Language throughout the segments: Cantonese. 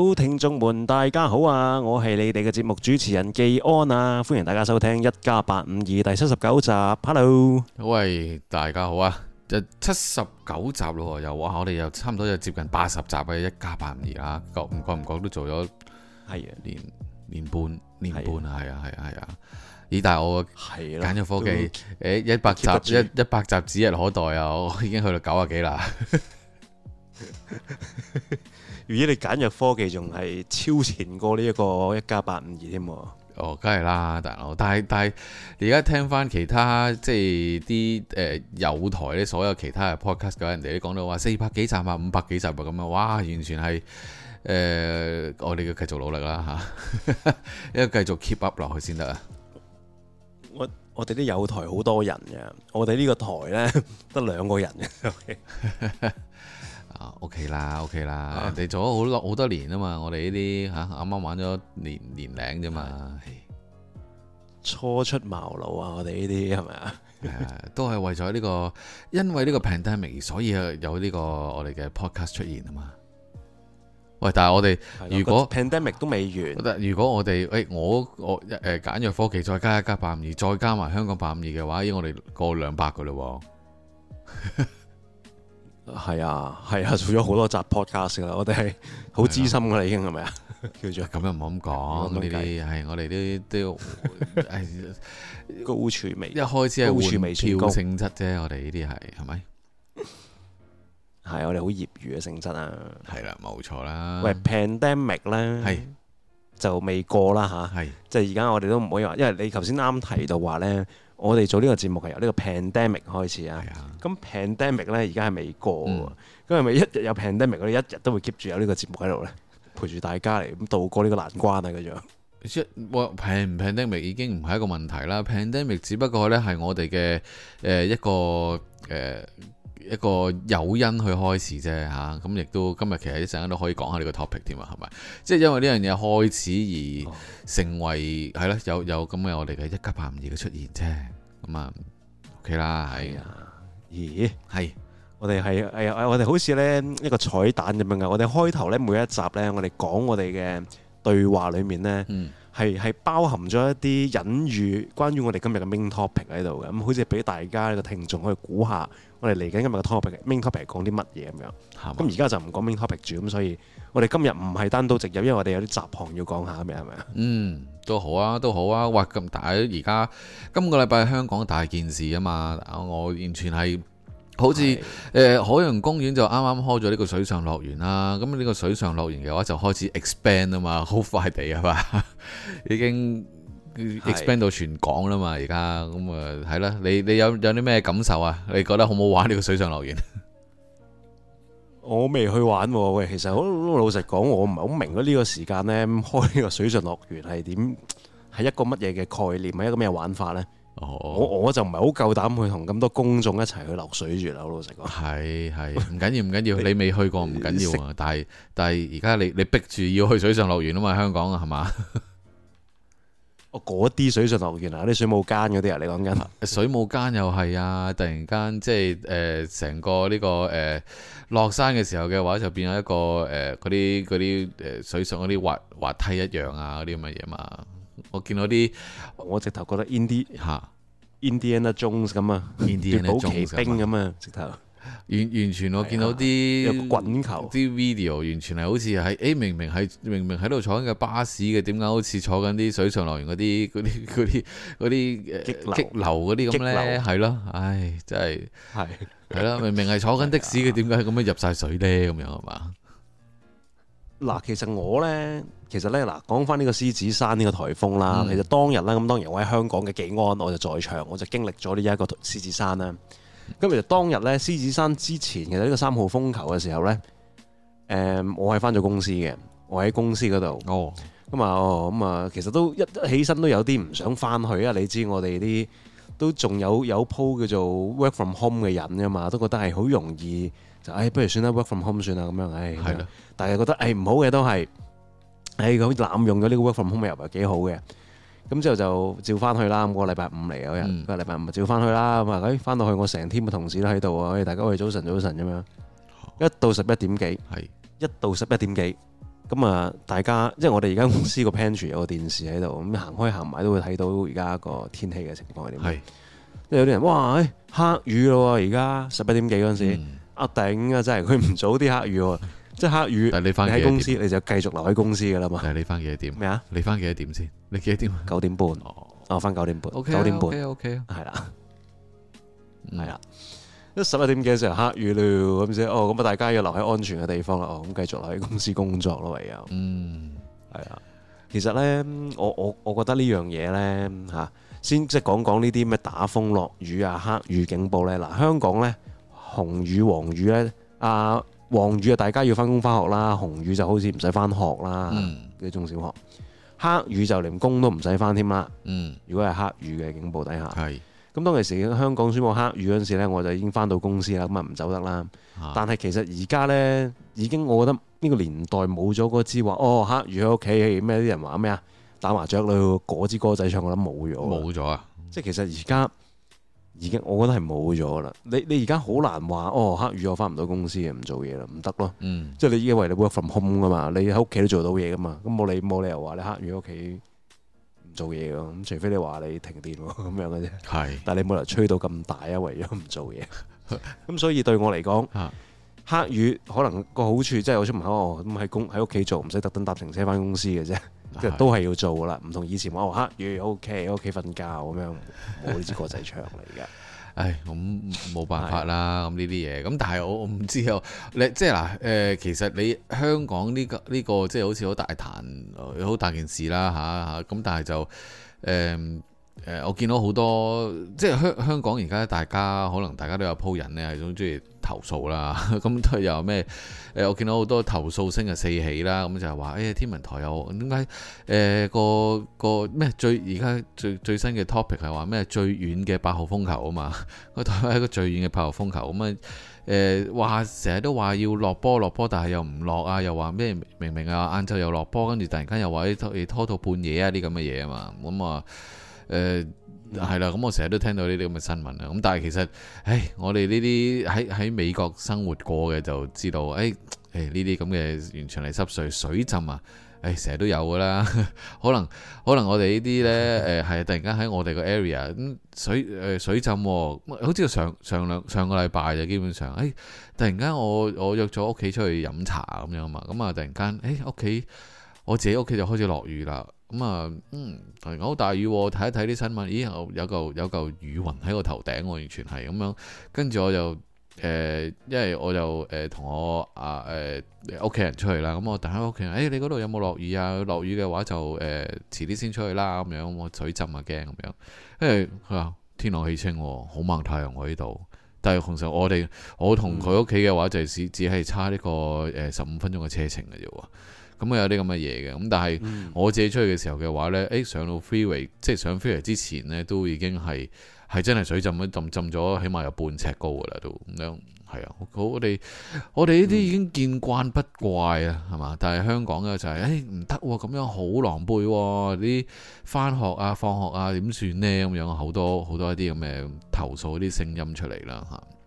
好，聽眾們大家好啊！我係你哋嘅節目主持人紀安啊，歡迎大家收聽一加八五二第七十九集。Hello，喂，大家好啊，就七十九集咯，又話，我哋又差唔多又接近八十集嘅一加八五二啊，唔覺唔覺都做咗係啊，年年半年半啊，係啊的，係啊，係啊，咦，但係我揀咗科技，誒，一百集一一百集指日可待啊，我已經去到九啊幾啦。 如果你簡約科技仲係超前過呢一個一家852添喎？哦，梗係啦，大佬。但係但係而家聽返其他即係啲誒友台咧，所有其他嘅 podcast 嘅人哋都講到話四百幾集啊，五百幾集啊咁啊！哇，完全係誒、呃，我哋要繼續努力啦嚇，因、啊、為 繼續 keep up 落去先得啊！我我哋啲友台好多人嘅，我哋呢個台咧得 兩個人嘅。Okay? Okay okay 啊，OK 啦，OK 啦，人哋做咗好多好多年啊嘛，我哋呢啲嚇，啱啱玩咗年年零啫嘛，初出茅廬啊，我哋呢啲係咪啊？ 都係為咗呢、呢個，因為呢個 pandemic 所以有呢個我哋嘅 podcast 出現啊嘛。喂，但係我哋如果 pandemic 都未完，如果、啊、如果我哋，誒、欸、我我誒簡約科技再加一家852，再加埋香講852嘅話，依我哋過兩百個嘞喎。 係啊，係啊，做咗好多集 podcast 啦，我哋係好資深噶啦，已經係咪啊？叫做咁又唔好咁講，呢啲係我哋啲都 高處未微，一開始係玩票性質啫，我哋呢啲係係咪？係我哋好業餘嘅性質啊，係啦，冇錯啦。喂，pandemic 咧，的就未過啦吓，係的，即係而家我哋都唔可以話，因為你頭先啱提就話咧。我哋做呢個節目係由呢個 pandemic 開始啊，係啊，咁 pandemic 咧，而家係未過？咁係咪一日有 pandemic，我哋一日都會 keep 住有呢個節目喺度咧，陪住大家嚟咁渡過呢個難關啊！咁樣，即、呃、係話 pandemic 已經唔係一個問題啦，pandemic 只不過咧係我哋嘅誒一個誒。呃一個誘因去開始啫嚇，咁、啊、亦都今日其實一陣間都可以講下呢個 topic 添啊，係咪？即係因為呢樣嘢開始而成為係啦、哦嗯，有有咁嘅我哋嘅一家852嘅出現啫。咁、嗯、啊，OK 啦，係、哎呀。咦，係是我哋係哎我哋好似呢一個彩蛋咁樣嘅，我哋開頭呢每一集呢，我哋講我哋嘅對話裡面呢，係係、嗯、包含咗一啲隱喻，關於我哋今日嘅 main topic 喺度嘅。咁、嗯、好似俾大家呢個聽眾可以估下。我哋嚟緊今日嘅 topic，main topic 講啲乜嘢咁樣？咁而家就唔講 main topic 住咁，所以我哋今日唔係單刀直入，因為我哋有啲雜項要講下咁樣，係咪啊？嗯，都好啊，都好啊！哇，咁大而家今個禮拜香港大件事啊嘛！我完全係好似誒是、呃、海洋公園就啱啱開咗呢個水上樂園啦、啊，咁呢個水上樂園嘅話就開始 expand 啊嘛，好快地啊嘛， 已經。expand 到全港啦嘛，而家咁啊，係啦，你你有有啲咩感受啊？你覺得好唔好玩呢個水上樂園？我未去玩喎。喂，其實好老實講，我唔係好明呢個時間呢，開呢個水上樂園係點，係一個乜嘢嘅概念，係一個咩玩法呢？哦、我我就唔係好夠膽去同咁多公眾一齊去落水住、啊、好老實講。係，係唔緊要，唔緊要，你未去過唔緊要啊。但係但係而家你你逼住要去水上樂園啊嘛？香港啊係嘛？我嗰啲水上樂園啊，啲水舞間嗰啲啊，你講緊 水舞間又係啊，突然間即係誒成個呢、呢個誒落、呃、山嘅時候嘅話，就變咗一個誒嗰啲啲誒水上嗰啲滑滑梯一樣啊，嗰啲咁嘅嘢嘛。我見到啲我直頭覺得 in 啲嚇，Indiana Jones 咁啊，奪寶奇兵咁啊，直頭、啊。完完全我見到啲滾、啊、球啲 video，完全係好似喺誒明明係明明喺度坐緊個巴士嘅，點解好似坐緊啲水上樂園嗰啲啲啲啲激流嗰啲咁咧？係咯，唉，真係係係咯，明明係坐緊的，的，是、啊、的士嘅，點解咁樣入晒水呢？咁樣係嘛？嗱，其實我呢，其實呢，嗱，講翻呢個獅子山呢、這個颱風啦，其實、嗯、當日咧，咁當然我喺香港嘅幾安，我就在場，我就經歷咗呢一個獅子山啦。今日實當日咧，獅子山之前其實呢個三號風球嘅時候咧，誒、嗯，我係翻咗公司嘅，我喺公司嗰度。哦。咁啊、嗯，咁、嗯、啊，其實都一起身都有啲唔想翻去啊！因為你知我哋啲都仲有有鋪叫做 work from home 嘅人噶嘛，都覺得係好容易就誒、哎，不如算啦，work from home 算啦咁樣，誒、哎。係咯的。但係覺得誒唔、哎、好嘅都係，誒、哎、咁濫用咗呢個 work from home 入係幾好嘅。咁之後就照翻去啦，咁、個禮拜五嚟嗰日，個禮拜五咪照翻去啦。咁啊、嗯，誒，翻到去我成天嘅同事都喺度啊，大家喂，早，早晨，早晨咁樣，一到十一點幾，係是，一到十一點幾，咁啊，大家，即係我哋而家公司個 pantry 有個電視喺度，咁行 開行埋都會睇到而家個天氣嘅情況係點。係是，即係有啲人哇、哎，黑雨咯、啊，而家十一點幾嗰陣時，嗯、啊頂啊，真係，佢唔早啲黑雨喎。即係黑雨，你翻喺公司就你就繼續留喺公司噶啦嘛。你翻幾多點？咩啊？你翻幾多點先？你幾多點？九點半。哦，我翻九點半。九、okay, okay , okay. 點半。O K，係啦，係啦、嗯。十一 點幾嘅時候黑雨了咁先。哦、咁、喔、啊大家要留喺安全嘅地方啦。哦、喔，咁繼續留喺公司工作咯，唯有。嗯，係啊。其實咧，我我我覺得呢樣嘢咧吓，先即係講講呢啲咩打風落雨啊，黑雨警報咧。嗱、呃，香港咧紅雨黃雨咧啊。呃啊啊啊黃雨啊，大家要翻工翻學啦；紅雨就好似唔使翻學啦，啲、嗯、中小學。黑雨就連工都唔使翻添啦。嗯，如果係黑雨嘅警報底下。係是。咁當其時香港宣布黑雨嗰陣時咧，我就已經翻到公司啦，咁啊唔走得啦。是但係其實而家咧，已經我覺得呢個年代冇咗嗰支話哦，黑雨喺屋企咩？啲人話咩啊？打麻雀咯，嗰支歌仔唱我覺得冇咗。冇咗啊！即係其實而家。已經，我覺得係冇咗啦。你你而家好難話哦，黑雨我翻唔到公司嘅，唔做嘢啦，唔得咯。嗯、即係你已經為你 work from home 噶嘛，你喺屋企都做到嘢噶嘛，咁冇你冇理由話你黑雨喺屋企唔做嘢㗎，咁除非你話你停電咁樣嘅啫。係是，但係你冇理由吹到咁大啊，為咗唔做嘢。咁 所以對我嚟講，嗯、黑雨可能個好處即係我出門口，咁喺公喺屋企做，唔使特登搭乘車翻公司嘅啫。即都係要做啦，唔同以前話嚇，黑雨 O K 喺屋企瞓覺咁樣，冇呢啲國際場嚟㗎。 唉，咁冇辦法啦，咁呢啲嘢。咁但係我我唔知啊，你即係嗱，誒、呃，其實你香港呢、呢個呢、呢個即係好似好大談，好大件事啦吓，咁但係就誒。呃誒，我見到好多即係香香港而家大家可能大家都有鋪人咧，係好鍾意投訴啦。咁都又咩？誒，我見到好多投訴聲啊四起啦。咁就係話誒天文台有點解誒個個咩最而家最最新嘅 topic 係話咩最遠嘅八號風球啊嘛？個台係一個最遠嘅八號風球咁啊，誒話成日都話要落波落波，但係又唔落啊，又話咩明明啊晏晝又落波，跟住突然間又話拖到半夜啊啲咁嘅嘢啊嘛，咁啊～誒係啦，咁、嗯、我成日都聽到呢啲咁嘅新聞啦。咁但係其實，誒我哋呢啲喺喺美國生活過嘅就知道，誒誒呢啲咁嘅完全係濕碎水，水浸啊！誒成日都有㗎啦，可能可能我哋呢啲呢，誒係突然間喺我哋個 area 咁水誒、呃、水浸，好似上上兩上，上個禮拜就基本上，誒突然間我我約咗屋企出去飲茶咁樣嘛，咁啊突然間誒屋企我自己屋企就開始落雨啦。咁啊，嗯，突然好大雨，睇一睇啲新聞，咦，有個有嚿有嚿雨雲喺我頭頂，我完全係咁樣。跟住我就誒、呃，因為我就誒同、呃、我啊誒屋企人出去啦。咁我等問屋企人：誒、欸、你嗰度有冇落雨啊？落雨嘅話就誒、呃、遲啲先出去啦。咁樣我水浸啊驚咁樣。因為佢話天朗氣清、啊，好猛太陽我呢度。但係同時我哋我同佢屋企嘅話就係、是嗯、只只係差呢個誒十五分鐘嘅車程嘅啫喎。咁啊有啲咁嘅嘢嘅，咁、嗯、但係我自己出去嘅時候嘅話呢，誒、欸、上到 freeway，即係上 freeway 之前呢，都已經係係真係水浸一浸浸咗，起碼有半尺高噶啦都，咁樣係啊，我哋我哋呢啲已經見慣不怪、嗯就是欸、不啊，係嘛？但係香港嘅就係誒唔得喎，咁樣好狼狽喎、啊，啲返學啊、放學啊點算呢？咁樣好多好多一啲咁嘅投訴啲聲音出嚟啦嚇。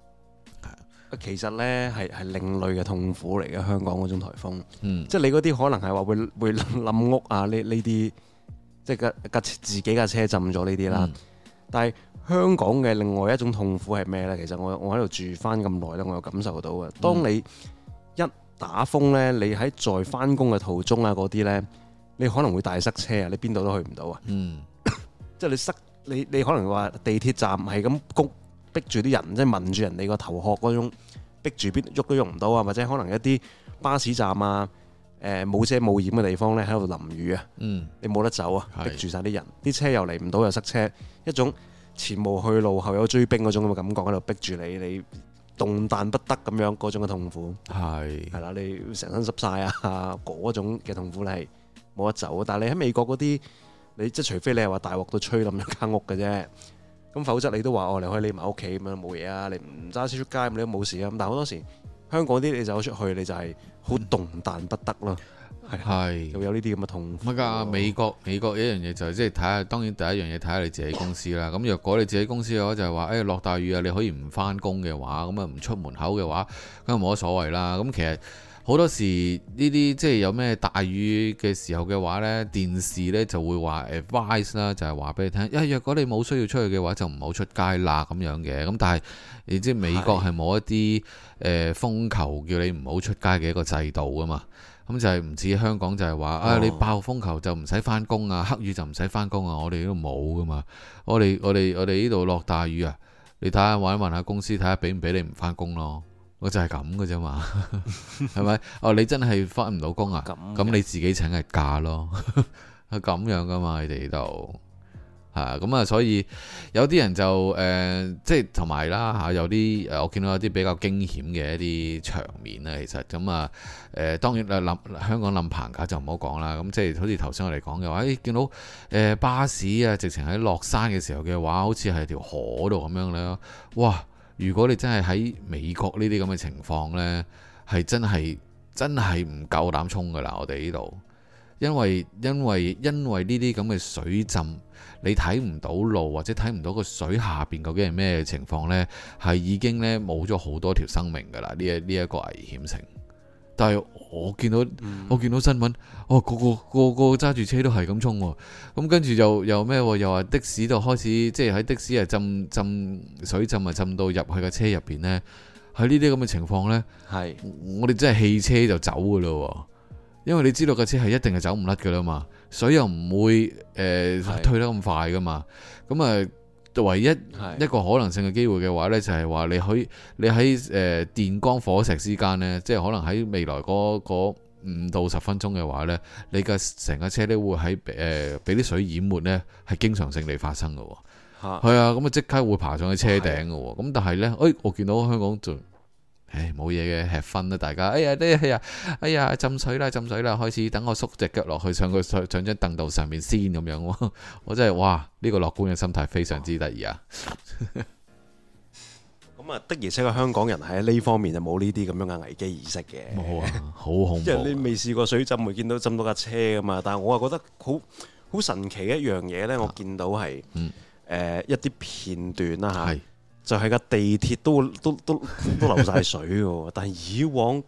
其實呢，係係另類嘅痛苦嚟嘅，香港嗰種台風，嗯、即係你嗰啲可能係話會會冧屋啊呢呢啲，即係架自己架車浸咗呢啲啦。嗯、但係香港嘅另外一種痛苦係咩呢？其實我我喺度住翻咁耐咧，我有感受到嘅。嗯、當你一打風呢，你喺再翻工嘅途中啊嗰啲呢，你可能會大塞車啊，你邊度都去唔到啊。 即係你塞你你可能話地鐵站係咁焗逼住啲人，即係聞住人哋個頭殼嗰種逼住邊喐都喐唔到啊！或者可能一啲巴士站啊、誒冇遮冇掩嘅地方咧，喺度淋雨啊！嗯，你冇得走啊！逼住晒啲人，啲是的 車又嚟唔到又塞車，一種前無去路後有追兵嗰種咁嘅感覺喺度逼住你，你動彈不得咁樣嗰種嘅痛苦。係係啦，你成身濕晒啊嗰 種嘅痛苦你係冇得走，啊。但係你喺美國嗰啲，你即係除非你係話大鑊都吹冧一間屋嘅啫。咁否則你都話我你可以匿埋屋企咁樣冇嘢啊，你唔揸車出街，咁你都冇事啊。咁但係好多時香港啲你走出去，你就係好動彈不得咯。係、嗯，就會有呢啲咁嘅痛苦。乜㗎？美國美國一樣嘢就係，即係睇下，當然第一樣嘢睇下你自己公司啦。咁若果你自己公司嘅話，就係話誒落大雨啊，你可以唔翻工嘅話，咁啊唔出門口嘅話，咁啊冇乜所謂啦。咁其實。好多時呢啲即係有咩大雨嘅時候嘅話呢，電視呢就會話誒 advice 啦，就係話俾你聽，因為若果你冇需要出去嘅話，就唔好出街啦咁樣嘅。咁但係，然之後美國係冇一啲誒是、呃、風球叫你唔好出街嘅一個制度噶嘛。咁就係唔似香港就係話啊，你爆風球就唔使返工啊，黑雨就唔使返工啊。我哋呢度冇噶嘛。我哋我哋我哋呢度落大雨啊，你睇下問一問下公司睇下俾唔俾你唔返工咯。我就係咁嘅啫嘛，係咪？ 哦，你真係翻唔到工啊？咁咁、 嗯、你自己請嘅假咯，係 咁樣噶嘛，佢哋就嚇咁啊、嗯。所以有啲人就誒、呃，即係同埋啦嚇，有啲誒，我見到有啲比較驚險嘅一啲場面啦。其實咁啊誒、呃，當然誒冧、啊、香港冧棚架就唔好講啦。咁、啊、即係好似頭先我哋講嘅話，誒、哎、見到誒、呃、巴士啊，直情喺落山嘅時候嘅話，好似係條河度咁樣咧，哇！哇哇如果你真係喺美國呢啲咁嘅情況呢，係真係真係唔夠膽衝噶啦！我哋呢度，因為因為因為呢啲咁嘅水浸，你睇唔到路或者睇唔到個水下邊究竟係咩情況呢，係已經咧冇咗好多條生命噶啦！呢一呢一個危險性，但係。我見到、嗯、我見到新聞，哦個個個個揸住車都係咁衝、哦，咁、嗯、跟住又又咩？又話的士就開始即係喺的士啊浸浸水浸啊浸到入去個車入邊呢。喺呢啲咁嘅情況呢，係是我哋真係汽車就走噶啦、哦，因為你知道個車係一定係走唔甩噶啦嘛，水又唔會誒、呃、是退得咁快噶嘛，咁、嗯、啊。是嗯唯一一個可能性嘅機會嘅話呢，就係、是、話你可以你喺誒、呃、電光火石之間呢，即係可能喺未來嗰五到十分鐘嘅話呢，你嘅成架車呢會喺誒俾啲水淹沒呢，係經常性地發生㗎喎。係哈啊，咁啊即刻會爬上去車頂㗎喎。咁的但係呢，誒、哎、我見到香港誒，冇嘢嘅吃分啦，大家。哎呀，呢，哎呀，哎呀，浸水啦，浸水啦，開始等我縮隻腳落去上個上上張凳度上面先咁樣。我真係哇，呢個樂觀嘅心態非常之得意啊。咁啊，的而且確香港人喺呢方面就冇呢啲咁樣嘅危機意識嘅。冇啊，好恐怖。即係你未試過水浸，會見到浸到架車噶嘛？但係我啊覺得好好神奇一樣嘢呢，我見到係，誒，一啲片段啦吓。就係個地鐵都都都都流曬水嘅，但係以往。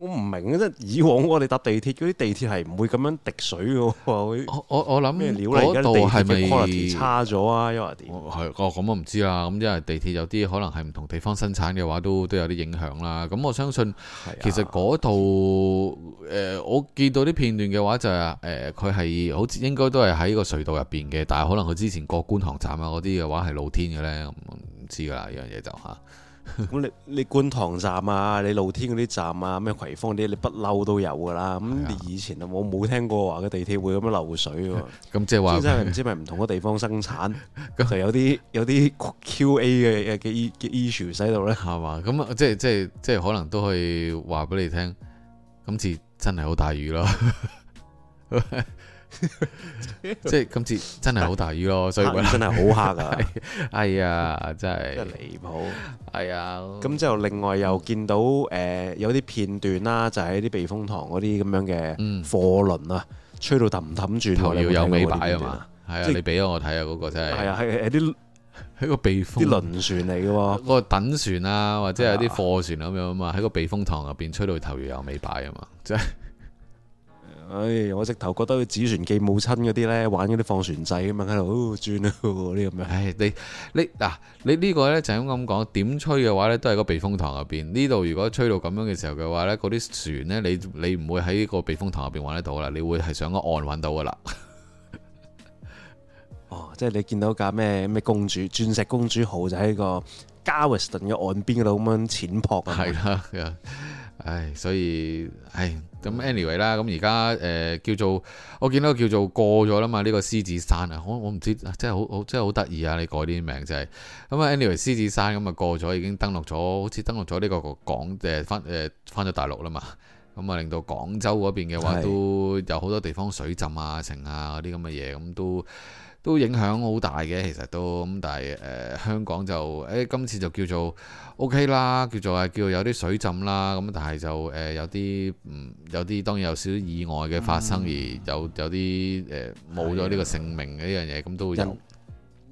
我唔明，即以往我哋搭地鐵嗰啲地鐵係唔會咁樣滴水嘅喎。我我我諗嗰度係咪差咗啊？因為係咁我唔知啦。咁因為地鐵有啲可能係唔同地方生產嘅話，都都有啲影響啦。咁我相信其實嗰度誒，我見到啲片段嘅話就係誒，佢係好似應該都係喺個隧道入邊嘅，但係可能佢之前過觀塘站啊嗰啲嘅話係露天嘅咧，唔知㗎啦，呢樣嘢就嚇。啊。咁你 你觀塘站啊，你露天嗰啲站啊，咩葵芳啲，你不嬲都有噶啦。咁你、啊、以前我冇聽過話個地鐵會咁樣漏水嘅。咁即係話，真係唔知係咪唔同嘅地方生產，其實 有啲有啲 QA 嘅嘅 is sue 喺度咧，係嘛？咁啊，即係即係即係可能都可以話俾你聽，今次真係好大雨咯。 即係今次真係好大雨咯，所以真係好黑啊！哎呀，真係離譜！係啊，咁之後另外又見到誒有啲片段啦，就喺啲避風塘嗰啲咁樣嘅貨輪啊，吹到氹氹轉，頭搖又尾擺啊嘛！係啊，你俾咗我睇下嗰個真係係啊，係係啲喺個避風啲輪船嚟嘅個躉船啊，或者係啲貨船咁樣啊嘛，喺個避風塘入邊吹到頭搖又尾擺啊嘛，即係。唉，我直頭覺得佢紙船寄母親嗰啲呢，玩嗰啲放船仔咁啊，喺度轉啊，啲咁樣。唉，你你嗱，你呢、啊、個呢，就係咁講，點吹嘅話呢，都係個避風塘入邊。呢度如果吹到咁樣嘅時候嘅話呢，嗰啲船呢，你你唔會喺個避風塘入邊搵得到啦，你會係上個岸搵到噶啦。 哦，即係你見到架咩咩公主鑽石公主號就喺個加爾維斯頓嘅岸邊咁樣淺泊。係啦，唉，所以唉。咁 anyway 啦，咁而家誒叫做我見到叫做過咗啦嘛，呢、呢個獅子山啊，我我唔知，真係好真好真係好得意啊！你改啲名真係咁啊，anyway 獅子山咁啊過咗，已經登陸咗，好似登陸咗呢個港，誒翻誒翻咗大陸啦嘛，咁、嗯、啊令到廣州嗰邊嘅話是都有好多地方水浸啊、城啊嗰啲咁嘅嘢，咁、嗯、都。都影響好大嘅，其實都咁，但係誒、呃、香港就誒、欸、今次就叫做 O、OK、K 啦，叫做啊，叫有啲水浸啦，咁但係就誒、呃、有啲嗯有啲當然有少少意外嘅發生而有有啲誒冇咗呢個性命嘅呢樣嘢，咁、嗯、都會有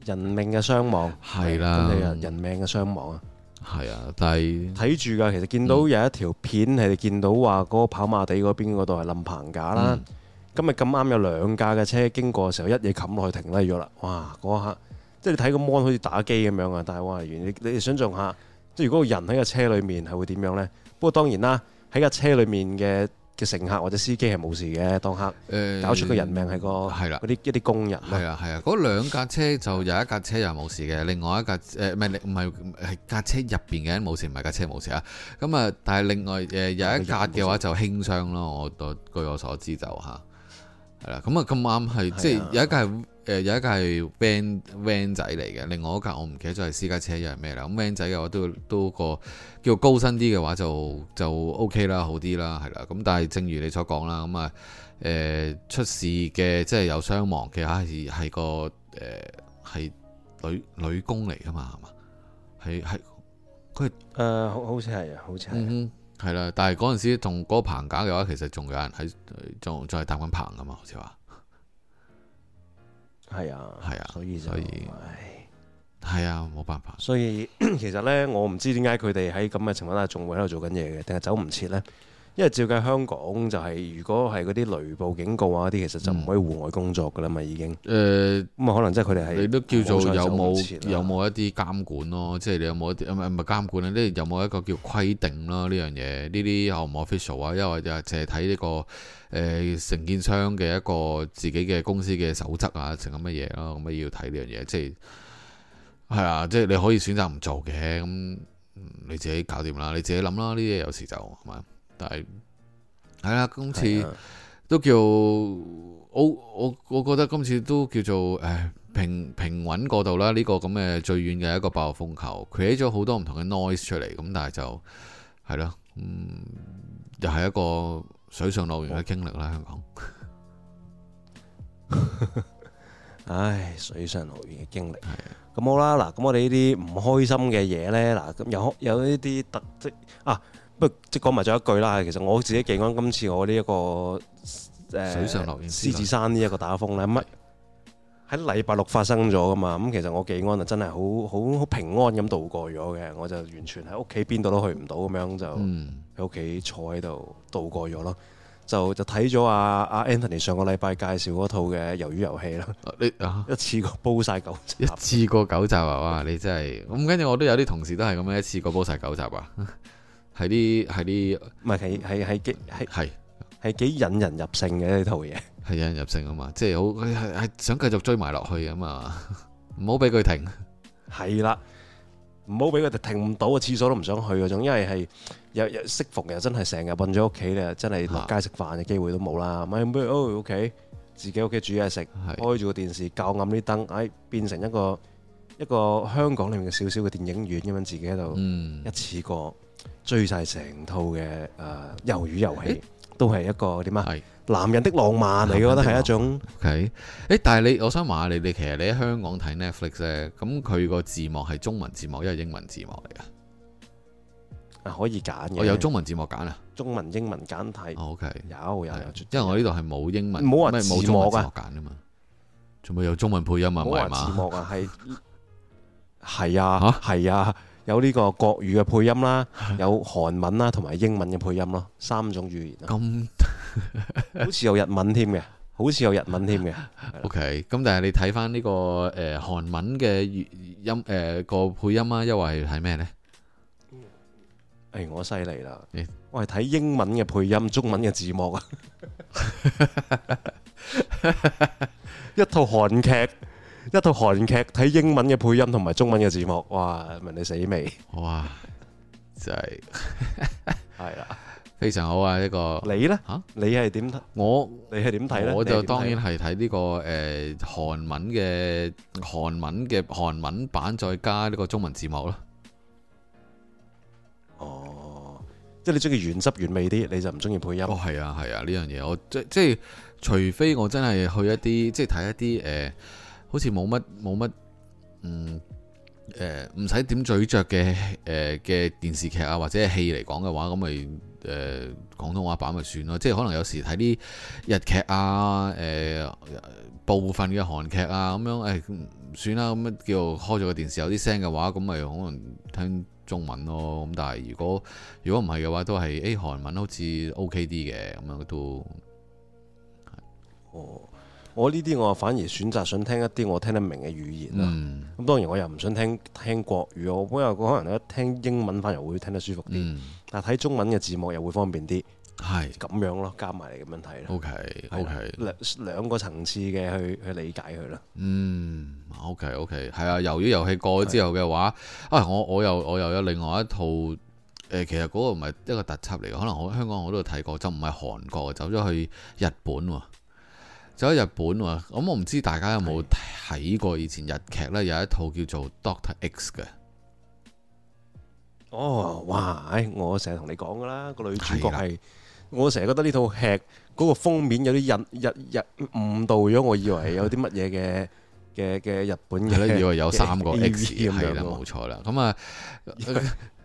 人命嘅傷亡係啦，人命嘅傷亡啊，係啊，但係睇住㗎，其實見到有一條片係見到話嗰個跑馬地嗰邊嗰度係冧棚架啦。嗯今日咁啱有兩架嘅車經過嘅時候，一嘢冚落去停低咗啦！哇，嗰刻，即係你睇個模好似打機咁樣啊！但係哇，原來你你想像下，即係如果個人喺個車裡面係會點樣呢？不過當然啦，喺架車裡面嘅嘅乘客或者司機係冇事嘅，當刻搞出個人命係、個係啦，啲一啲工人係啊係啊，嗰兩架車就有一架車又冇事嘅，另外一架唔係架車入邊嘅冇事，唔係架車冇事啊！咁啊，但係另外有一架嘅話就輕傷咯，我、呃呃呃、據我所知就嚇。啊係啦，咁啊咁啱係，剛剛的即係有一架係誒有一架係 van 的 van 仔嚟嘅，van, 另外一架我唔記得咗係私家車又係咩啦。咁 van 仔嘅話都都個叫高身啲嘅話就就 O、OK、K 啦，好啲啦，係啦。咁但係正如你所講啦，咁啊誒出事嘅即係有傷亡嘅，而係個誒係、呃、女女工嚟噶嘛，係嘛？係係佢誒好好似係啊，好似係係啦，但係嗰陣時同嗰個棚架嘅話，其實仲有人喺，仲仲係搭緊棚㗎嘛，好似話。係啊的，係啊的，所以所以係啊，冇以、哎、辦法。所以其實呢，我唔知點解佢哋喺咁嘅情況下仲會喺度做緊嘢嘅，定係走唔切呢？嗯因為照計，香港就係如果係嗰啲雷暴警告啊，啲其實就唔可以戶外工作噶啦嘛。嗯、已經誒咁啊，嗯、可能即係佢哋係你都叫做有冇有冇一啲監管咯、啊？即係你有冇一啲唔係唔監管咧、啊？呢啲有冇一個叫規定啦？呢樣嘢呢啲有冇 official 啊？因為就係睇呢個誒承建商嘅一個自己嘅公司嘅守則啊，成咁乜嘢咯？咁啊要睇呢樣嘢，即係係啊，即係你可以選擇唔做嘅咁，你自己搞掂啦，你自己諗啦。呢啲有時就係嘛。是但係係啦，今次都叫的我我我覺得今次都叫做誒平平穩過渡啦，呢、這個咁嘅最遠嘅一個八號風球，佢起咗好多唔同嘅 noise 出嚟，咁但係就係咯，嗯，又係一個水上樂園嘅經歷啦，香港。 唉，水上樂園嘅經歷，咁的好啦，嗱，咁我哋呢啲唔開心嘅嘢呢，嗱，咁有有呢啲特質啊。不即講埋咗一句啦，其實我自己記安，今次我呢、這、一個誒、呃、水上樂園獅子山呢一個打風咧，乜喺禮拜六發生咗㗎嘛？咁其實我記安啊，真係好好好平安咁度過咗嘅，我就完全喺屋企邊度都去唔到咁樣就、嗯就，就喺屋企坐喺度度過咗咯。就就睇咗阿阿 Anthony 上個禮拜介紹嗰套嘅《魷魚遊戲》啦、啊。啊、一次過煲晒九集一次過九集啊！哇，你真係咁，跟住，我都有啲同事都係咁樣一次過煲晒九集啊！ 係啲係啲，唔係係係係係係幾引人入勝嘅呢套嘢，係引人入勝啊嘛，即係好係係想繼續追埋落去啊嘛，唔好俾佢停。係啦，唔好俾佢哋停唔到個廁所都唔想去嗰種，因為係又又服服又真係成日困咗屋企咧，真係落街食飯嘅機會都冇啦。咪咩哦屋企自己屋企煮嘢食，開住個電視，較暗啲燈，哎，變成一個一個香港裏面嘅小小嘅電影院咁樣，自己喺度一次過。追晒成套嘅誒《魷魚遊戲》，都係一個點啊？男人的浪漫你覺得係一種。誒，但係你我想問下你你其實你喺香港睇 Netflix 咧，咁佢個字幕係中文字幕，一係英文字幕嚟噶。可以揀嘅。我有中文字幕揀啊，中文英文揀睇。OK 有有有，因為我呢度係冇英文，冇話中文字幕噶，揀噶嘛，仲會有中文配音啊，埋字幕啊，係係啊，係啊。有呢個國語嘅配音啦，有韓文啦，同埋英文嘅配音咯，三種語言。咁好似有日文添嘅，好似有日文添嘅。OK，咁但係你睇翻呢個誒韓文嘅語音誒個配音啊，因為係睇咩呢？誒我犀利啦，我係睇英文嘅配音，中文嘅字幕啊，一套韓劇。一套韓劇睇英文嘅配音同埋中文嘅字幕，哇！問你死未？哇！真係係啦， 的 非常好啊呢個。你呢？吓、啊？你係點睇？我你係點睇咧？我就當然係睇呢個誒韓文嘅韓文嘅韓文版，再加呢個中文字幕咯。哦，即係你中意原汁原味啲，你就唔中意配音。哦，係啊，係啊，呢樣嘢我即即係，除非我真係去一啲，即係睇一啲誒。呃好似冇乜冇乜，嗯，誒唔使點咀嚼嘅誒嘅電視劇啊或者戲嚟講嘅話，咁咪誒廣東話版咪算咯。即係可能有時睇啲日劇啊，誒、呃、部分嘅韓劇啊咁樣，誒、哎、算啦。咁叫開咗個電視有啲聲嘅話，咁咪可能聽中文咯。咁但係如果如果唔係嘅話，都係誒、哎、韓文好似 OK 啲嘅咁樣都。哦。我呢啲我反而選擇想聽一啲我聽得明嘅語言啦。咁、嗯、當然我又唔想聽聽國語，我可能覺得聽英文反而會聽得舒服啲。嗯、但睇中文嘅字幕又會方便啲，係咁是樣咯，加埋嚟咁樣睇咧。O K O K 兩個層次嘅去去理解佢咯。嗯，O K O K 係啊。由於遊戲過咗之後嘅話，是啊我我又我又有另外一套誒、呃，其實嗰個唔係一個特輯嚟嘅，可能我香港我都睇過，就唔係韓國，走咗去日本喎。走喺日本喎，咁我唔知大家有冇睇過以前日劇呢？有一套叫做 Doctor X 嘅。哦，哇！我成日同你講噶啦，個女主角係，我成日覺得呢套劇嗰個封面有啲引引引誤導咗，我以為有啲乜嘢嘅嘅嘅日本嘅，以為有三個 X，係啦，冇錯啦，咁啊。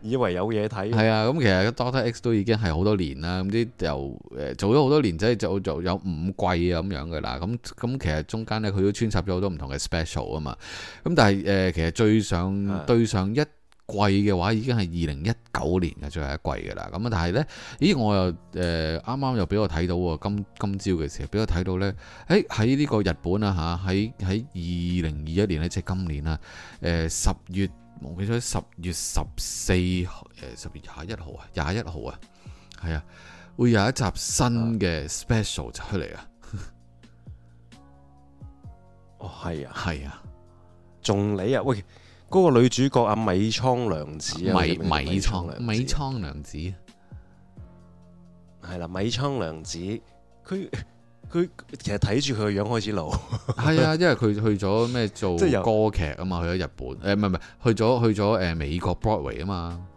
以為有嘢睇，係啊！咁其實 Doctor X 都已經係好多年啦，咁啲由誒做咗好多年，即係就做有五季啊咁樣嘅啦。咁、嗯、咁其實中間呢，佢都穿插咗好多唔同嘅 special 啊嘛。咁但係誒、呃，其實最上是的 對最上一季嘅話，已經係二零一九年嘅最後一季嘅啦。咁啊，但係呢，咦，我又誒啱啱又俾我睇到喎，今今朝嘅時候俾我睇到呢，誒喺呢個日本啊嚇，喺喺二零二一年呢，即係今年啊，誒、呃、十月。忘記咗十月十四號誒，十月廿一號啊，廿一號啊，係啊，會有一集新嘅 special 出嚟、 哦、啊！哦，係啊，係啊，仲你啊，喂，嗰、嗰個女主角阿米倉良子啊，米米倉，米倉良子，係啦，米倉良子，佢。佢其實睇住佢個樣開始老。係啊，因為佢去咗咩做歌劇啊嘛，去咗日本誒，唔係唔係去咗去咗誒、呃、美國 Broadway 啊嘛。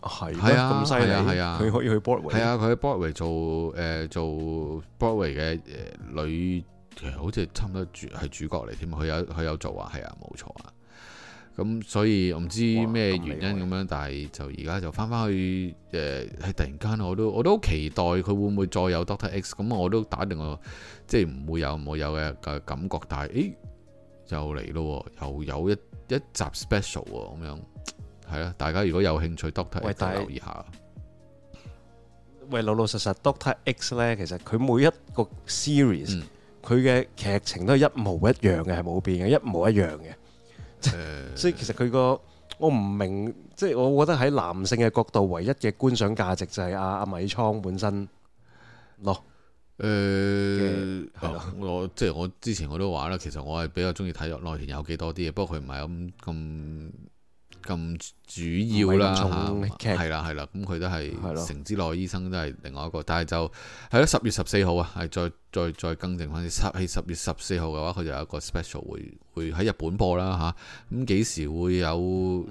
係啊，咁犀利係啊，佢、啊啊、可以去 Broadway。係啊，佢喺 Broadway 做誒、呃、做 Broadway 嘅誒女，其實好似差唔多主係主角嚟添。佢有佢有做啊，係啊，冇錯啊。咁所以我唔知咩原因咁樣，但係就而家就返返去誒，係、呃、突然間我都我都好期待佢會唔會再有 Doctor X，咁我都打定我，即係唔會有唔會有嘅嘅感覺，但係誒又嚟咯，又有一一集 special 咁、啊、樣係啊！大家如果有興趣 Doctor，留意下。喂，老老實實 Doctor X 呢，其實佢每一個 series 佢嘅、嗯、劇情都係一模一樣嘅，係冇變嘅，一模一樣嘅。所以其實佢個我唔明，即係我覺得喺男性嘅角度，唯一嘅觀賞價值就係阿阿米倉本身咯。誒，係啦，我即係我之前我都話啦，其實我係比較中意睇內田有幾多啲嘢，不過佢唔係咁咁。咁主要啦嚇，係啦係啦，咁佢都係城之內醫生都係另外一個，但係就係咯十月十四號啊，係再再再更正翻，十喺十月十四號嘅話，佢就有一個 special 會會喺日本播啦嚇，咁、啊、幾、嗯嗯、時會有誒、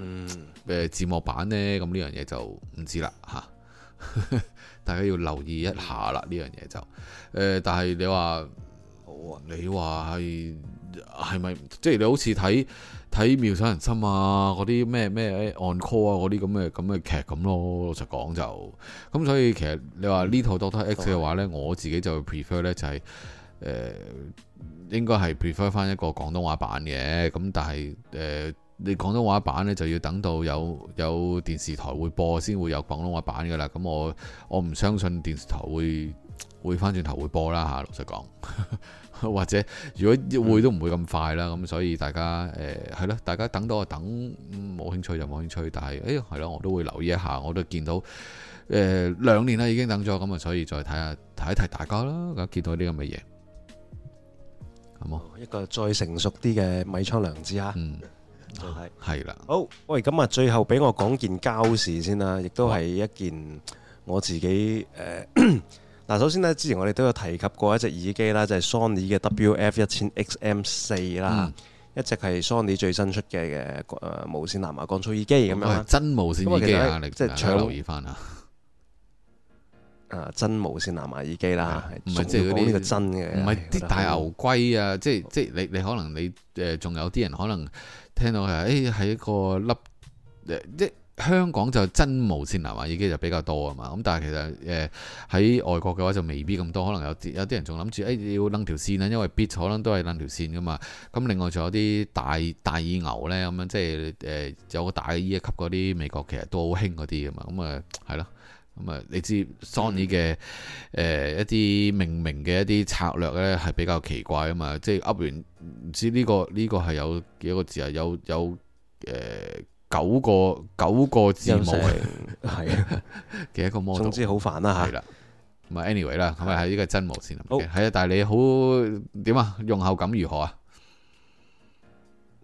呃、字幕版呢？咁呢樣嘢就唔知啦嚇，啊、 大家要留意一下啦，呢、嗯、樣嘢就誒、呃，但係你話、啊、你話係。係咪即係你好似睇睇《妙手仁心》啊，嗰啲咩咩誒《On Call》啊，嗰啲咁嘅咁嘅劇咁咯？老實講就咁，所以其實你話呢套《Doctor X》嘅話呢，嗯、我自己就 prefer 呢、就是，就係誒，應該係 prefer 翻一個廣東話版嘅。咁但係誒、呃，你廣東話版呢，就要等到有有電視台會播先會有廣東話版噶啦。咁我我唔相信電視台會。會返轉頭會播啦吓，老實講，或者如果會都唔會咁快啦，咁、嗯、所以大家誒係咯，大家等到我等冇興趣就冇興趣，但係誒係咯，我都會留意一下，我都見到誒兩、呃、年啦已經等咗，咁啊所以再睇下睇一睇大家啦，大家見到啲咁嘅嘢，好一個再成熟啲嘅米倉良知啊，係係、嗯、啦，好喂，咁啊最後俾我講件交事先啦，亦都係一件我自己誒。啊 嗱，首先呢，之前我哋都有提及過一隻耳機啦，就係 Sony 嘅 WF 一千 XM 四啦，一隻係 Sony 最新出嘅嘅無線藍牙降噪耳機咁樣真無線耳機啊！即係長留意翻啊！真無線藍牙耳機啦，唔係即係嗰啲真嘅，唔係啲大牛龜啊！即係即係你你可能你誒，仲有啲人可能聽到係，誒係一個粒誒啲。香港就真無線藍牙耳機就比較多啊嘛，咁但係其實誒喺、呃、外國嘅話就未必咁多，可能有有啲人仲諗住誒要掹條線啊，因為 Beats 可能都係掹條線㗎嘛。咁另外仲有啲大大耳牛呢，咁、嗯、樣，即係誒、呃、有個大耳級嗰啲美國其實都好興嗰啲㗎嘛。咁啊係咯，咁啊你知 Sony 嘅誒、呃、一啲命名嘅一啲策略呢，係比較奇怪㗎嘛，即係噏完唔知呢、呢個呢、呢個係有幾個字啊？有有誒。有呃九個九個字母係嘅一個 model 總之好煩啦吓，係啦了，唔係 anyway 啦，咁咪係呢個真無線啦。好、哦，係啊，但係你好點啊？用後感如何啊？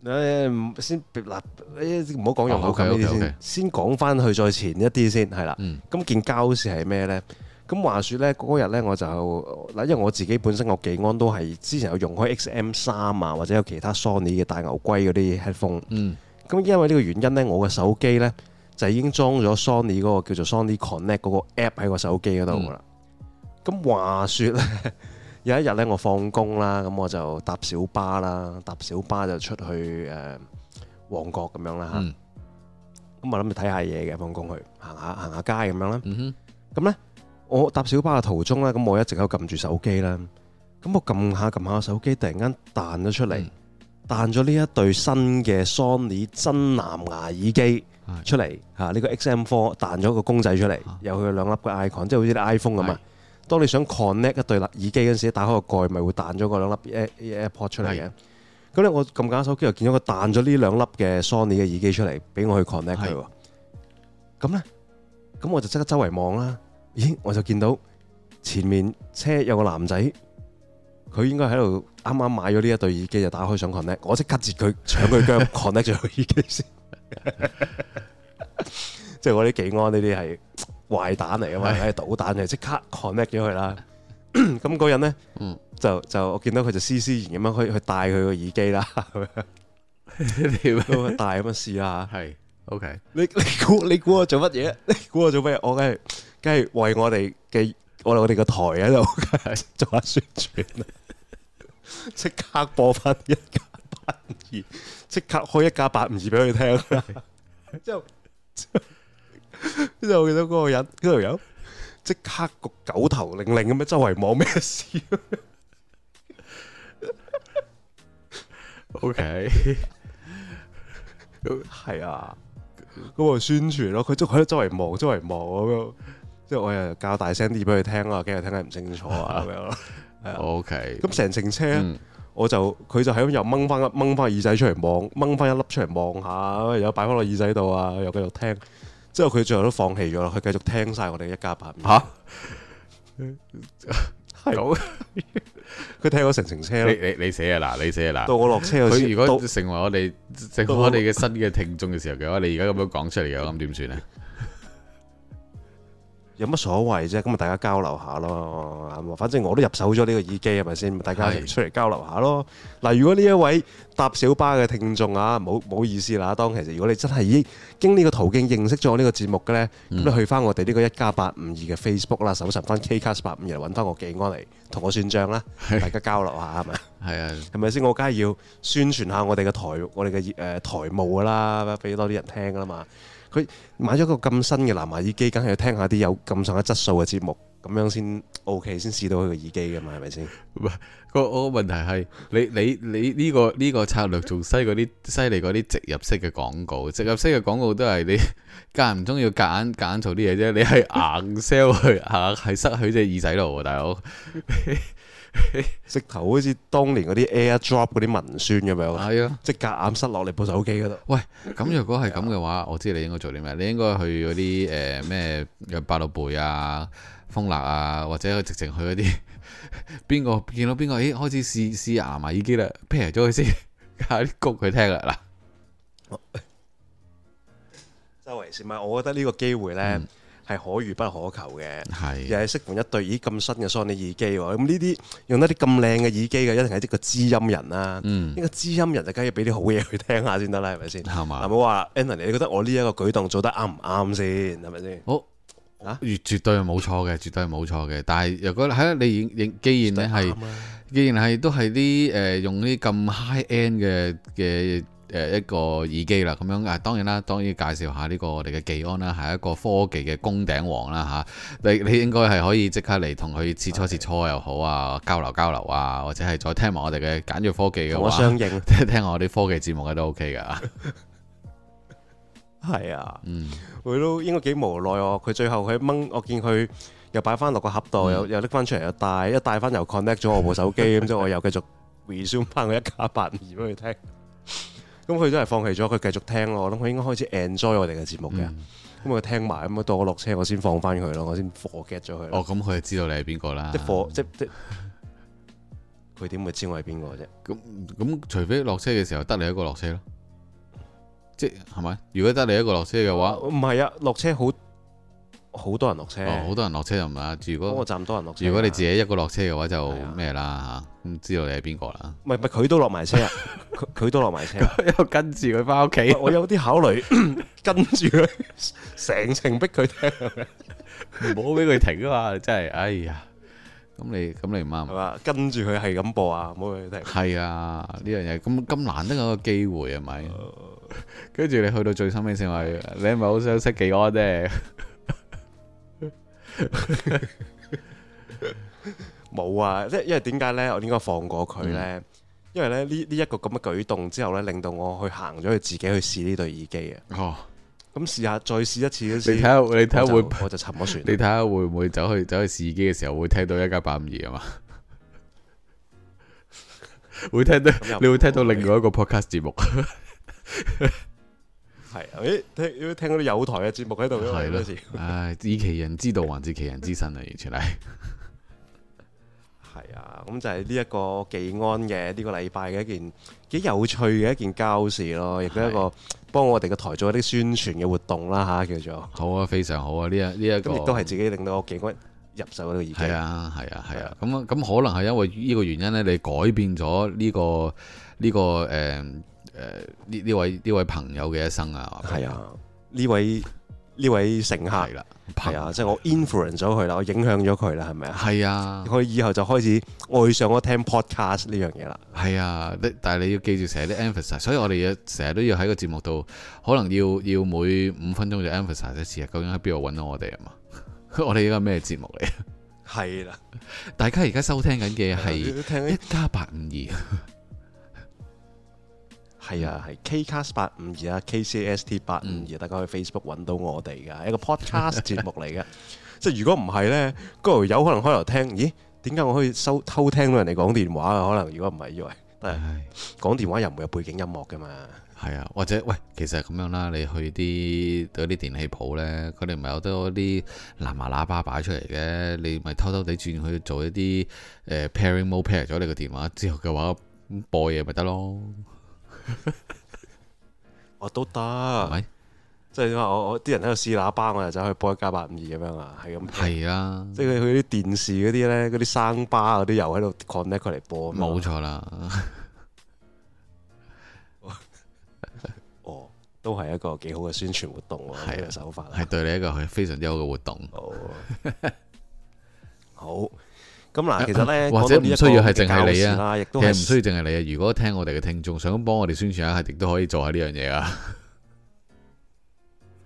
誒，先唔好講用後感先，哦、okay, okay, okay, 先講翻去再前一啲先，係啦。咁、嗯、件膠是係咩咧？咁話說咧，嗰、那個、日咧我就嗱，因為我自己本身我幾安都係之前有用開 X M 三啊，或者有其他 Sony 嘅大牛龜嗰啲 headphone，嗯。咁因為呢個原因，呢我嘅手機呢就已經裝咗 Sony 嗰、那個叫做 Sony Connect 嗰個 app 喺個手機嗰度噶啦。咁、嗯、話說呢，有一日呢我放工啦，咁我就搭小巴啦，搭小巴就出去誒、呃、旺角咁樣啦嚇。咁我諗住睇下嘢嘅，放工去行下行下街咁樣啦。咁、嗯、哼呢，我搭小巴嘅途中呢，咁我一直都撳住手機啦。咁我撳下撳下個手機，突然間彈咗出嚟。嗯彈咗呢一對新嘅 Sony 真藍牙耳機出嚟，吓呢是、啊這個 XM4 彈咗個公仔出嚟，啊、有佢兩粒嘅 icon，即係好似啲 iPhone 咁啊！是當你想 connect 一對耳耳機嗰時，打開個蓋咪會彈咗嗰兩粒 a AirPod 出嚟嘅。咁咧是，我撳緊手機又見咗佢彈咗呢兩粒嘅 Sony 嘅耳機出嚟，俾我去 connect 佢。咁咧是，咁我就即刻周圍望啦，咦，我就見到前面車有個男仔。佢應該喺度啱啱買咗呢一對耳機就打開上 connect，我即刻截佢搶佢 connect 咗佢耳機先，即係我啲技安呢啲係壞蛋嚟㗎嘛，係 搗蛋嚟，即刻 connect 咗佢啦。咁嗰人咧，就就,就我見到佢就斯斯然咁樣去去戴佢個耳機啦，係咪？ 你咁樣戴咁樣試啦嚇，係 OK。你你估你估我做乜嘢？你估我做乜嘢？我係梗係為我哋嘅。我嚟我哋個台喺度做下宣傳啊！即刻播翻一家八五二，即刻開一家八五二俾佢聽是的。 之後之後我見到嗰個人，嗰條友即刻焗狗頭令令咁樣，周圍望咩事？O K，係啊，咁啊宣傳咯，佢周喺周圍望，周圍望咁樣。即係我又教大聲啲俾佢聽啦，驚佢聽得唔清楚啊！咁樣，係啊，OK。咁成程車，我就佢就喺度掹翻掹翻耳仔出嚟望，掹翻一粒出嚟望下，又擺翻落耳仔度啊，又繼續聽。之後佢最後都放棄咗啦，佢繼續聽晒我哋一家852。吓，係佢聽咗成程車咯。你你寫啊嗱，你寫啊嗱。到我落車佢如果成為我哋成為我哋嘅新嘅聽眾嘅時候嘅話，你而家咁樣講出嚟嘅話，咁點算咧？有乜所謂啫？咁咪大家交流下咯，反正我都入手咗呢個耳機係咪先？大家出嚟交流下咯。嗱是，如果呢一位搭小巴嘅聽眾啊，唔好唔好意思啦。當其時如果你真係已經經過呢個途徑認識咗呢個節目嘅呢，咁你、嗯、去翻我哋呢個一家八五二嘅 Facebook 啦，book, 搜尋翻 KCast 八五二嚟搵翻個記安嚟同我算賬啦。是大家交流下係咪？係啊，係咪先？我梗係要宣傳下我哋嘅台，我哋嘅誒台務噶啦，俾多啲人聽噶啦嘛。佢買咗個咁新嘅藍牙耳機，梗係要聽下啲有咁上下質素嘅節目，咁樣先 OK，先試到佢個耳機嘅嘛，係咪先？唔係，個我個問題係你你你呢個呢個策略仲犀啲犀利過啲植入式嘅廣告，植入式嘅廣告都係你間唔中要隔硬做啲嘢啫，你係硬 sell 佢硬係失去隻耳仔咯，大佬。 直頭好似當年嗰啲 AirDrop 嗰啲文宣咁樣，啊、即係夾硬硬塞落你部手機嗰度。喂，咁如果係咁嘅話， 我知你應該做啲咩？你應該去嗰啲誒咩嘅百六貝啊、豐納啊，或者直去直情去嗰啲邊個見到邊個？咦，開始試試牙埋耳機啦，pair 咗佢先，教下啲谷佢聽啦嗱， 周圍是咪我覺得個機呢個機會咧。嗯係可遇不可求嘅，是又係適逢一對咦咁新嘅 Sony 耳機喎。咁呢啲用得啲咁靚嘅耳機嘅，一定係一個知音人啦、啊。呢個、嗯、知音人就梗係俾啲好嘢佢聽下先得啦，係咪先？係嘛嗎？係咪話 Anthony？你覺得我呢一個舉動做得啱唔啱先？係咪先？好啊，越絕對係冇錯嘅，絕對係冇錯嘅。但係如果係啦、啊，你已既然你係，既然係都係啲誒用啲咁 high end 嘅嘅。啊啊啊誒，一個耳機啦，咁樣誒，當然啦，當然介紹下呢個我哋嘅技安啦，係一個科技嘅攻頂王啦吓、啊。你你應該係可以即刻嚟同佢切磋切磋又好啊，交流交流啊，或者係再聽埋我哋嘅簡約科技嘅話，我相應聽聽我啲科技節目嘅都 OK 噶。係 啊，嗯，佢都應該幾無奈哦、啊。佢最後佢掹，我見佢又擺翻落個盒度，嗯、又又拎翻出嚟又帶，一帶翻又 connect 咗我部手機咁，即係 我又繼續 resume 翻佢一家八二俾佢聽。 咁佢都係放棄咗，佢繼續聽咯。我諗佢應該開始 enjoy 我哋嘅節目嘅。咁佢、嗯、聽埋，咁到我落車，我先放翻佢咯。我先 forget 咗佢。哦，咁佢就知道你係邊個啦？即火，即即佢點會知我係邊個啫？咁咁、嗯嗯，除非落車嘅時候得你一個落車咯，即係咪？如果得你一個落車嘅話，唔係、呃、啊，落車好好多人落車。哦，好多人落車就唔係啊。如果個站多人落車，如果你自己一個落車嘅話就，就咩啦唔知道你係邊個啦？唔係唔係佢都落埋車啊？佢 都落埋車， 又跟住佢翻屋企。 我有啲考慮 跟住佢，成程逼佢聽，唔好俾佢停啊嘛！真係，哎呀，咁你咁你唔啱係嘛？跟住佢係咁播啊，唔好俾佢停。係 啊，呢樣嘢咁咁難得有個機會係咪？跟住 你去到最深屘先話，你係咪好想識幾安啫？ 冇啊，即係因為點解呢？我應該放過佢呢？嗯、因為咧呢呢一個咁嘅舉動之後呢，令到我去行咗去自己去試呢對耳機啊。哦試，咁試下再試一次嗰時，你睇下你睇下會我就沉咗船。你睇下會唔會走去走去試耳機嘅時候會聽到一家852啊嘛？ 會聽到你會聽到另外一個 podcast 節目。係誒，聽要聽嗰啲有台嘅節目喺度咯。係唉了、哎，以其人之道還治其人之身啊，完全係。 係啊，咁就係呢一個技安嘅呢、這個禮拜嘅一件幾有趣嘅一件交事咯，亦都一個幫我哋嘅台做一啲宣傳嘅活動啦吓、啊，叫做。好啊，非常好啊！呢一呢一個亦都係自己令到我幾骨入手呢對耳機。係啊，係啊，係啊，咁咁、啊啊、可能係因為呢個原因咧，你改變咗呢、這個呢、這個誒誒呢呢位呢位朋友嘅一生啊。係啊，呢位。呢位乘客係啦，係啊，即係我 influence 咗佢啦，的我影響咗佢啦，係咪啊？係啊的，我以後就開始愛上我聽 podcast 呢樣嘢啦。係啊，但係你要記住成日啲 emphasize 所以我哋成日都要喺個節目度可能要要每五分鐘就 emphasize 一次啊。究竟喺邊度揾到我哋啊？嘛， 我哋依個咩節目嚟啊？係啦，大家而家收聽緊嘅係一加八五二。 係啊，係 K Cast 八五二啊，K C S T 八五二，大家去 Facebook 搵到我哋噶一個 podcast 節目嚟嘅。 即係如果唔係呢，嗰、那、有、個、可能開頭聽，咦？點解我可以收偷聽到人哋講電話啊？可能如果唔係，以為講是電話又唔會有背景音樂噶嘛？係啊，或者喂，其實咁樣啦，你去啲嗰啲電器鋪呢，佢哋唔係有多啲藍牙喇叭擺出嚟嘅，你咪偷偷哋轉去做一啲誒、呃、pairing mode pair 咗你個電話之後嘅話播嘢咪得咯。我、 哦、都得，是即係點啊？我我啲人喺度試喇叭，我就走去播一加八五二咁樣啊，係咁，係啊，即係佢啲電視嗰啲咧，嗰啲生巴嗰啲又喺度 connect 佢嚟播，冇錯啦。 哦，都係一個幾好嘅宣傳活動，係、啊、手法，係對你一個係非常之好嘅活動。哦、 好。咁嗱，其實咧、呃、或者唔需要係淨係你啊，其實唔需要淨係你啊。如果聽我哋嘅聽眾想幫我哋宣傳下，係亦都可以做下呢樣嘢啊！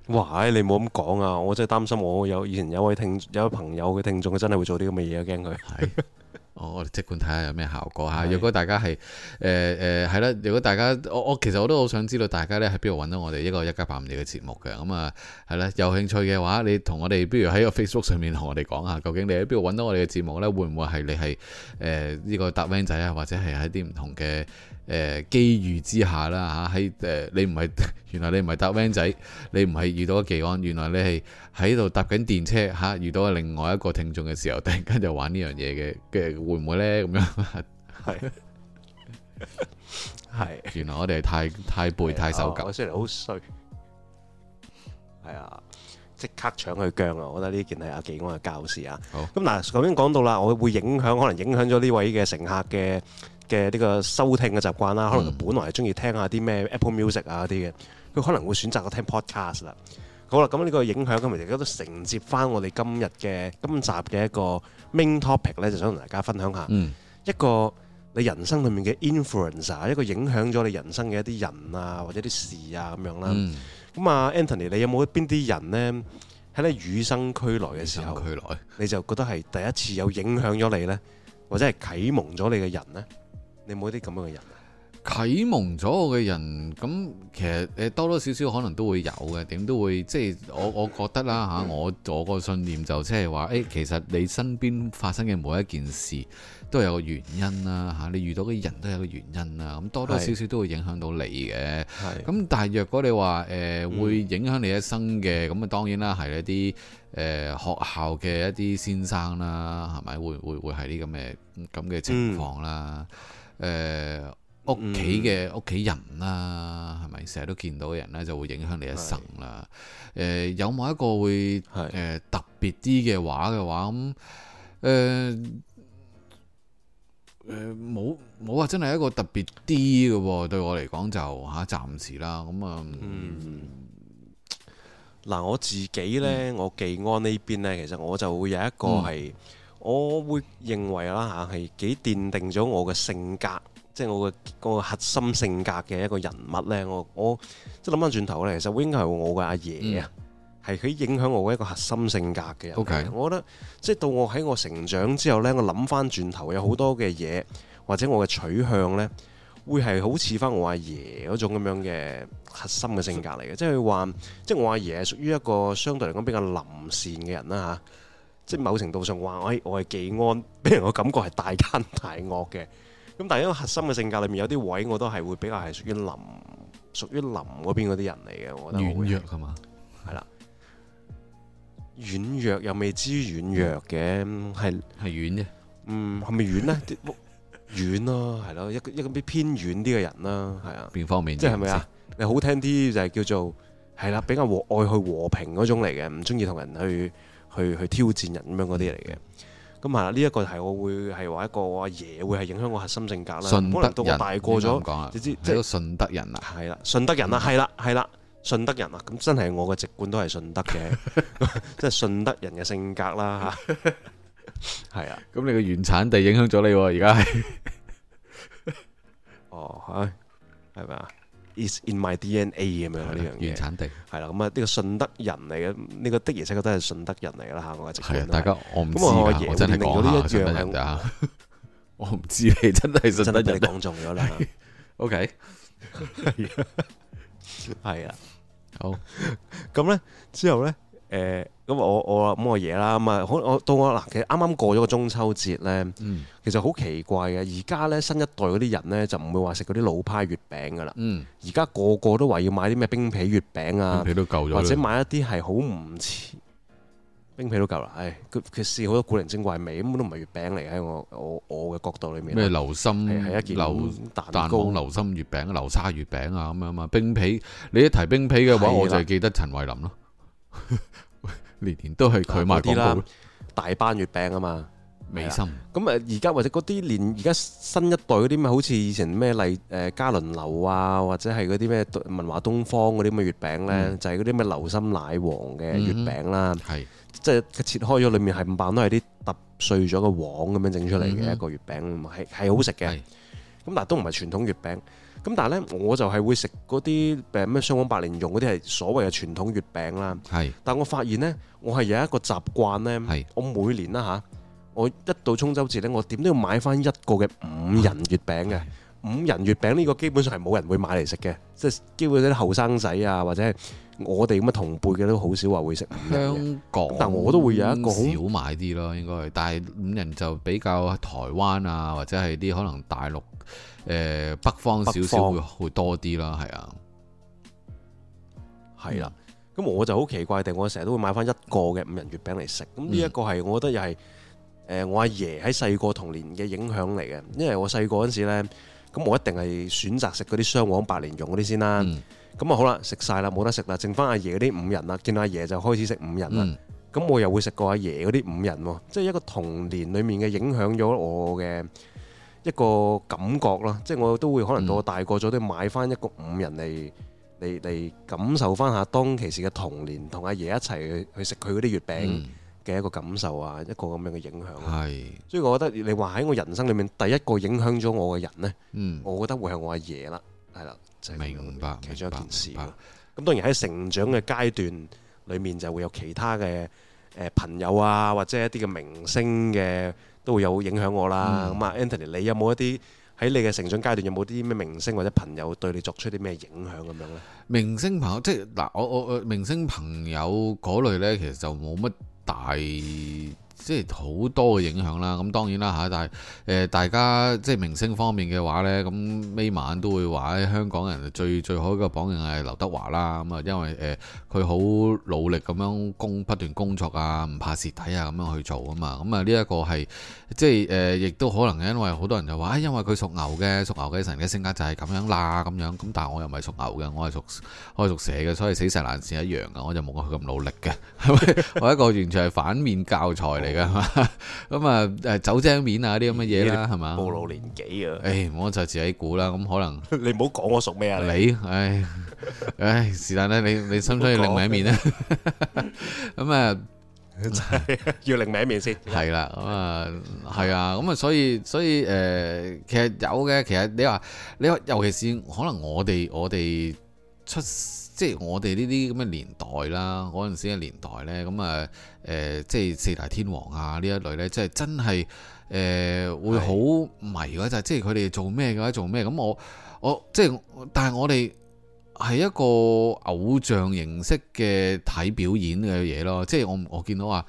哇，你冇咁講啊！我真係擔心我有以前有位聽有位朋友嘅聽眾，佢真係會做啲咁嘅嘢啊！驚佢。嗎 我我即管睇下有咩效果嚇。若的果大家係誒誒係啦，若、呃呃、果大家我我其實我都好想知道大家咧喺邊度揾到我哋一個一家八五二嘅節目嘅。咁啊係啦，有興趣嘅話，你同我哋，不如喺個 Facebook 上面同我哋講下，究竟你喺邊度揾到我哋嘅節目呢？會唔會係你係誒呢個達靚仔啊，或者係喺啲唔同嘅？誒、呃、機遇之下啦嚇，喺、啊、誒、啊、你唔係原來你唔係搭 van 仔，你唔係遇到阿技安，原來你係喺度搭緊電車嚇、啊，遇到另外一個聽眾嘅時候，突然間就玩呢樣嘢嘅，跟住會唔會呢？咁樣？係係，原來我哋係太太背、 哎、呀太守腳太守舊，我雖然好衰，係、哎、啊，即刻搶佢姜啊！我覺得呢件係阿技安嘅教示啊。好咁嗱，頭先講到啦，我會影響可能影響咗呢位嘅乘客嘅。嘅呢個收聽嘅習慣啦，可能佢本來係中意聽下啲咩 Apple Music 啊啲嘅，佢可能會選擇去聽 podcast 啦。好啦，咁呢個影響咁，其實都承接翻我哋今日嘅今集嘅一個 main topic 咧，就想同大家分享下、嗯、一個你人生裡面嘅 influencer，一個影響咗你人生嘅一啲人啊，或者啲事啊咁樣啦。咁啊、嗯、Anthony，你有冇邊啲人呢？喺你與生俱來嘅時候，你就覺得係第一次有影響咗你呢，或者係啟蒙咗你嘅人呢？你冇啲咁樣嘅人啊？啟蒙咗我嘅人咁，其實誒多多少少可能都會有嘅，點都會即係、就是、我我覺得啦嚇、嗯啊，我我個信念就即係話誒，其實你身邊發生嘅每一件事都有個原因啦、啊、嚇、啊，你遇到嘅人都有個原因啦、啊，咁多多少少都會影響到你嘅。係咁是，但係若果你話誒、呃、會影響你一生嘅，咁啊、嗯、當然啦，係一啲誒、呃、學校嘅一啲先生啦，係咪會會會係啲咁嘅咁嘅情況啦、嗯？誒屋企嘅屋企人啦、啊，係咪、嗯？成日都見到人咧、啊，就會影響你一生啦、啊。誒是、呃，有冇一個會誒、呃、特別啲嘅話嘅話咁？誒、嗯、誒，冇冇話真係一個特別啲嘅喎，對我嚟講就嚇、啊、暫時啦。咁、嗯、啊，嗱、嗯呃、我自己咧，嗯、我寄安邊呢邊咧，其實我就會有一個係。嗯我會認為啦嚇，係幾奠定咗我嘅性格，即係我嘅個核心性格嘅一個人物呢，我我即係諗翻轉頭咧，其實應該係我嘅阿爺啊，係佢影響我嘅、嗯、一個核心性格嘅人。O Okay . K，我覺得即係到我喺我成長之後呢，我諗翻轉頭有好多嘅嘢，或者我嘅取向呢，會係好似翻我阿爺嗰種咁樣嘅核心嘅性格嚟嘅。即係話，即係我阿爺係屬於一個相對嚟講比較臨善嘅人啦嚇。即係某程度上話，我係我係技安，俾人個感覺係大奸大惡嘅。咁但係因為核心嘅性格裏面有啲位，我都係會比較係屬於林，屬於林嗰邊嗰啲人嚟嘅。我覺得軟弱㗎嘛？係啦，軟弱又未知軟弱嘅，係係軟嘅。嗯，係咪軟呢？ 軟咯、啊，係咯，一一個啲偏軟啲嘅人、啊、啦，係啊。邊方面？即係係咪啊？你好聽啲就係叫做係啦，比較和愛去和平嗰種嚟嘅，唔中意同人去。去去挑戰人咁樣嗰啲嚟嘅。咁係啦，呢一個係我會係話一個我阿爺會係影響我核心性格啦，大過咗，即係都順德人啦，係啦，是順德人啦，係啦，係啦，順德人啊，咁真係我嘅籍貫都係順德嘅，即係順德人嘅性格啦吓，係 啊，咁你個原產地影響咗你而家係，哦，係係咪啊？ It's in my DNA 咁樣呢樣嘢，原產地係啦，咁啊呢個順德人嚟嘅，呢、這個的而且確都係順德人嚟啦嚇，我係直。係啊，大家我唔知啊， 我真係講啊，順德人我唔知你真係順德人，你講中咗啦。 OK，係 啊，好。咁咧 之後咧，誒、呃。咁我我咁我嘢啦咁啊，我到我嗱，其實啱啱過咗個中秋節咧，其實好奇怪嘅。而家咧新一代嗰啲人咧就唔會話食嗰啲老派月餅噶啦。而家個個都話要買啲咩冰皮月餅啊，或者買一啲係好唔似冰皮都夠咗。或者買一啲係好唔似冰皮都夠咗。唉，佢佢試好多古靈精怪味，根本都唔係月餅嚟。喺我我我嘅角度裏面，咩流心係一件流蛋糕流心月餅、流沙月餅啊咁樣啊嘛。冰皮你一提冰皮嘅話，我就係記得陳慧琳咯。年年都係佢賣啲啦，大班月餅啊嘛，美心咁啊。而家或者嗰啲年而家新一代嗰啲咪好似以前咩，例誒嘉麟樓啊，或者係嗰啲咩文華東方嗰啲咁嘅月餅咧，嗯、就係嗰啲咩流心奶黃嘅月餅啦，係即係切開咗，裡面係冚唪唥都係啲揼碎咗嘅黃咁樣整出嚟嘅一個月餅，係係、嗯、好食嘅。咁是是但係都唔係傳統月餅。咁但係咧，我就係會食嗰啲誒咩雙黃白蓮蓉嗰啲係所謂嘅傳統月餅啦。係是，但我發現咧，我係有一個習慣咧，是我每年啦嚇、啊，我一到中秋節咧，我點都要買翻一個嘅五仁月餅嘅。嗯、五仁月餅呢個基本上係冇人會買嚟食嘅，即係基本啲後生仔啊，或者係我哋咁嘅同輩嘅都好少話會食。香港，但我都會有一個少買啲咯，應該係。但係五仁就比較台灣啊，或者係啲可能大陸。誒，北方少少會會多啲啦，係啊北方，係啦。咁我就好奇怪，定我成日都會買翻一個嘅五仁月餅嚟食。咁呢一個係我覺得又係、嗯、呃、我阿爺喺細個童年嘅影響嚟嘅。因為我細個嗰陣時呢，咁我一定係選擇食嗰啲雙黃白蓮蓉嗰啲先啦。咁啊、嗯、好啦，食晒啦，冇得食啦，剩翻阿爺嗰啲五仁啦。見阿爺就開始食五仁啦。咁、嗯、我又會食過阿爺嗰啲五仁，即係一個童年裏面嘅影響咗我嘅。一個感覺咯，即係我都會可能到我大個咗，都、嗯、買翻一個五仁嚟嚟嚟感受翻下當其時嘅童年同阿爺一齊去食佢嗰啲月餅嘅一個感受啊，嗯、一個咁樣嘅影響。係是，所以我覺得你話喺我人生裏面第一個影響咗我嘅人呢，嗯、我覺得會係我阿爺啦，係啦，就係、是、白其中一件事。咁當然喺成長嘅階段裏面就會有其他嘅誒朋友啊，或者一啲嘅明星嘅。都會有影響我啦，咁啊，嗯，Anthony，你有冇一啲喺你嘅成長階段有冇啲咩明星或者朋友對你作出啲咩影響咁樣呢？明星朋友即係嗱，我我誒明星朋友嗰類呢，其實就冇乜大。即係好多嘅影響啦，咁當然啦嚇，但係誒大家即係明星方面嘅話呢，咁尾晚都會話香港人最最好嘅榜樣係劉德華啦，咁啊因為誒佢好努力咁樣工不斷工作啊，唔怕蝕底啊咁樣去做啊嘛，咁啊呢一個係即係誒，亦都可能因為好多人就話因為佢屬牛嘅，屬牛嘅神嘅性格就係咁樣嗱咁樣，咁但係我又唔係屬牛嘅，我係屬我係屬蛇嘅，所以死蛇爛鱔一樣啊，我就冇佢咁努力嘅，係咪？ 我一個完全係反面教材嚟噶嘛？咁啊，誒走精面啊啲咁嘅嘢啦，係嘛？暴露年紀啊！誒，我就自己估啦。咁可能你唔好講我屬咩啊？你，唉唉，是但咧，你你想唔想另外一面咧？咁啊，要另外一面先。係啦，啊，係啊，咁啊，所以所以誒，其實有嘅，其實你話你尤其是可能我哋我哋出。即係我哋呢啲咁嘅年代啦，嗰陣時嘅年代呢，咁啊，誒，即係四大天王啊呢一類呢，即係真係誒、呃、會好迷嘅就係即係佢哋做咩嘅，做咩咁、嗯、我我即係，但係我哋係一個偶像形式嘅睇表演嘅嘢咯，即係我我見到話，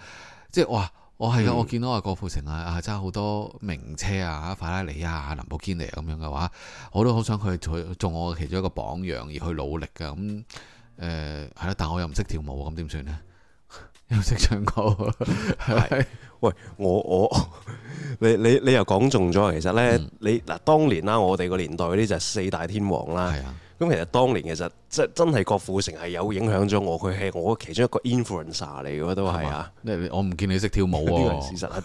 即係哇。哦、我係啊，我見到阿郭富城啊，真係揸好多名車啊，法拉利啊，林寶堅尼咁樣嘅話，我都好想佢做做我其中一個榜樣而去努力嘅咁，誒係啦，但我又唔識跳舞，咁點算呢？又識唱歌，係咪喂，我我你你你又講中咗，其實呢，嗯、你嗱當年啦，我哋個年代嗰啲就四大天王啦。咁其實當年其實即真係郭富城係有影響咗我，佢係我其中一個 influencer 嚟嘅都係啊！我唔見你識跳舞呢個事實啊！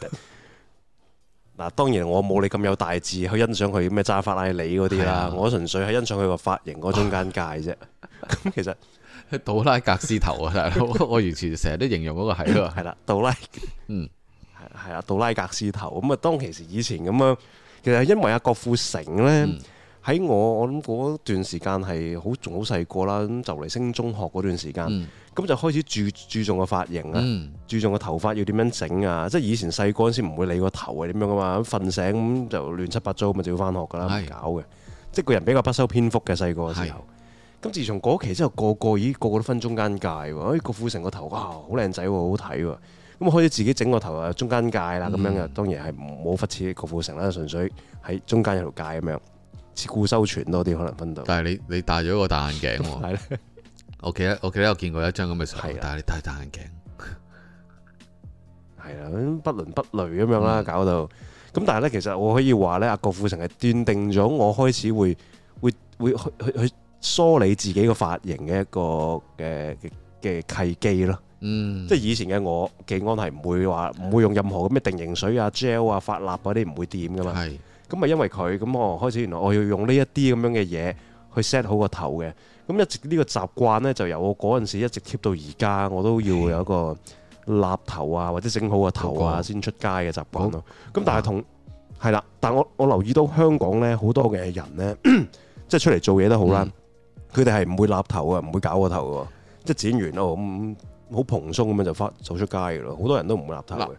嗱，當然我冇你咁有大志去欣賞佢咩揸法拉利嗰啲啦，啊、我純粹係欣賞佢個髮型嗰中間界啫。咁 其實杜拉格斯頭啊！大佬，我完全成日都形容嗰個係啦，杜拉，嗯，係係啊，杜拉格斯頭。咁啊、嗯，當其時以前咁樣，其實因為阿郭富城咧。嗯喺我我諗嗰段時間係好仲好細個啦，咁就嚟升中學嗰段時間，咁、嗯、就開始注重、嗯、注重個髮型啊，注重個頭髮要點樣整啊，即係以前細個陣時唔會理個頭係點樣噶嘛，瞓醒咁就亂七八糟，咪就要翻學噶啦，搞嘅，是即係個人比較不修邊幅嘅細個時候。咁是自從嗰期之後，個個咦個個都分中間界喎，郭富城個頭哇好靚仔喎，好睇喎，咁啊，開始自己整個頭啊，中間界啦，咁樣嘅、嗯、當然係冇乜似郭富城啦，純粹喺中間有條界咁樣。自顧收存多啲可能分到，但係你你戴咗個大眼鏡喎。係咧， 我記得我記得我見過一張咁嘅相，的但係你戴大眼鏡，係 啦，不倫不類咁樣啦，嗯、搞到。咁但係咧，其實我可以話咧，阿郭富城係斷定咗我開始會會會去去去梳理自己個髮型嘅一個嘅嘅契機咯。嗯、即係以前嘅我，紀安係唔會話唔、嗯、會用任何咁嘅定型水啊、gel 啊、髮蠟嗰啲，唔會掂噶嘛。係。咁咪因為佢，咁我開始，原來我要用呢一啲咁樣嘅嘢，去 set 好個頭嘅，咁一直、這個、習慣呢個習慣咧，就由我嗰陣時一直 keep 到而家，我都要有一個立頭啊，或者整好個頭啊先出街嘅習慣咯。咁好但係同係啦哇，但我我留意到香港咧、 就是、好多嘅人咧，即係出嚟做嘢都好啦，佢哋係唔會立頭啊，唔會搞個頭嘅，即、就、係、是、剪完哦咁好蓬鬆咁樣就翻走出街嘅咯，好多人都唔會立頭嘅。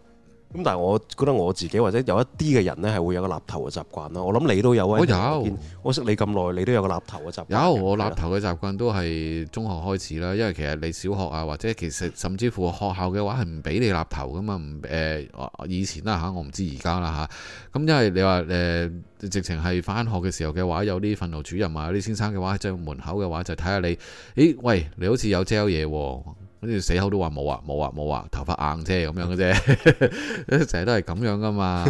咁但係我覺得我自己或者有一啲嘅人呢，係會有個立頭嘅習慣咯，我諗你都有啊。我有，我識你咁耐，你都有個立頭嘅習慣。有，我立頭嘅習慣都係中學開始啦，因為其實你小學啊或者其實甚至乎學校嘅話係唔俾你立頭噶嘛，唔誒、呃、以前啦嚇，我唔知而家啦嚇。咁因為你話誒、呃、直情係返學嘅時候嘅話，有啲訓導主任啊，有啲先生嘅話喺在、就是、門口嘅話就睇、是、下你，咦，喂，你好似有焦嘢喎。跟住死口都話冇啊冇啊冇啊，頭髮硬啫咁樣嘅啫，成 日都係咁樣噶嘛。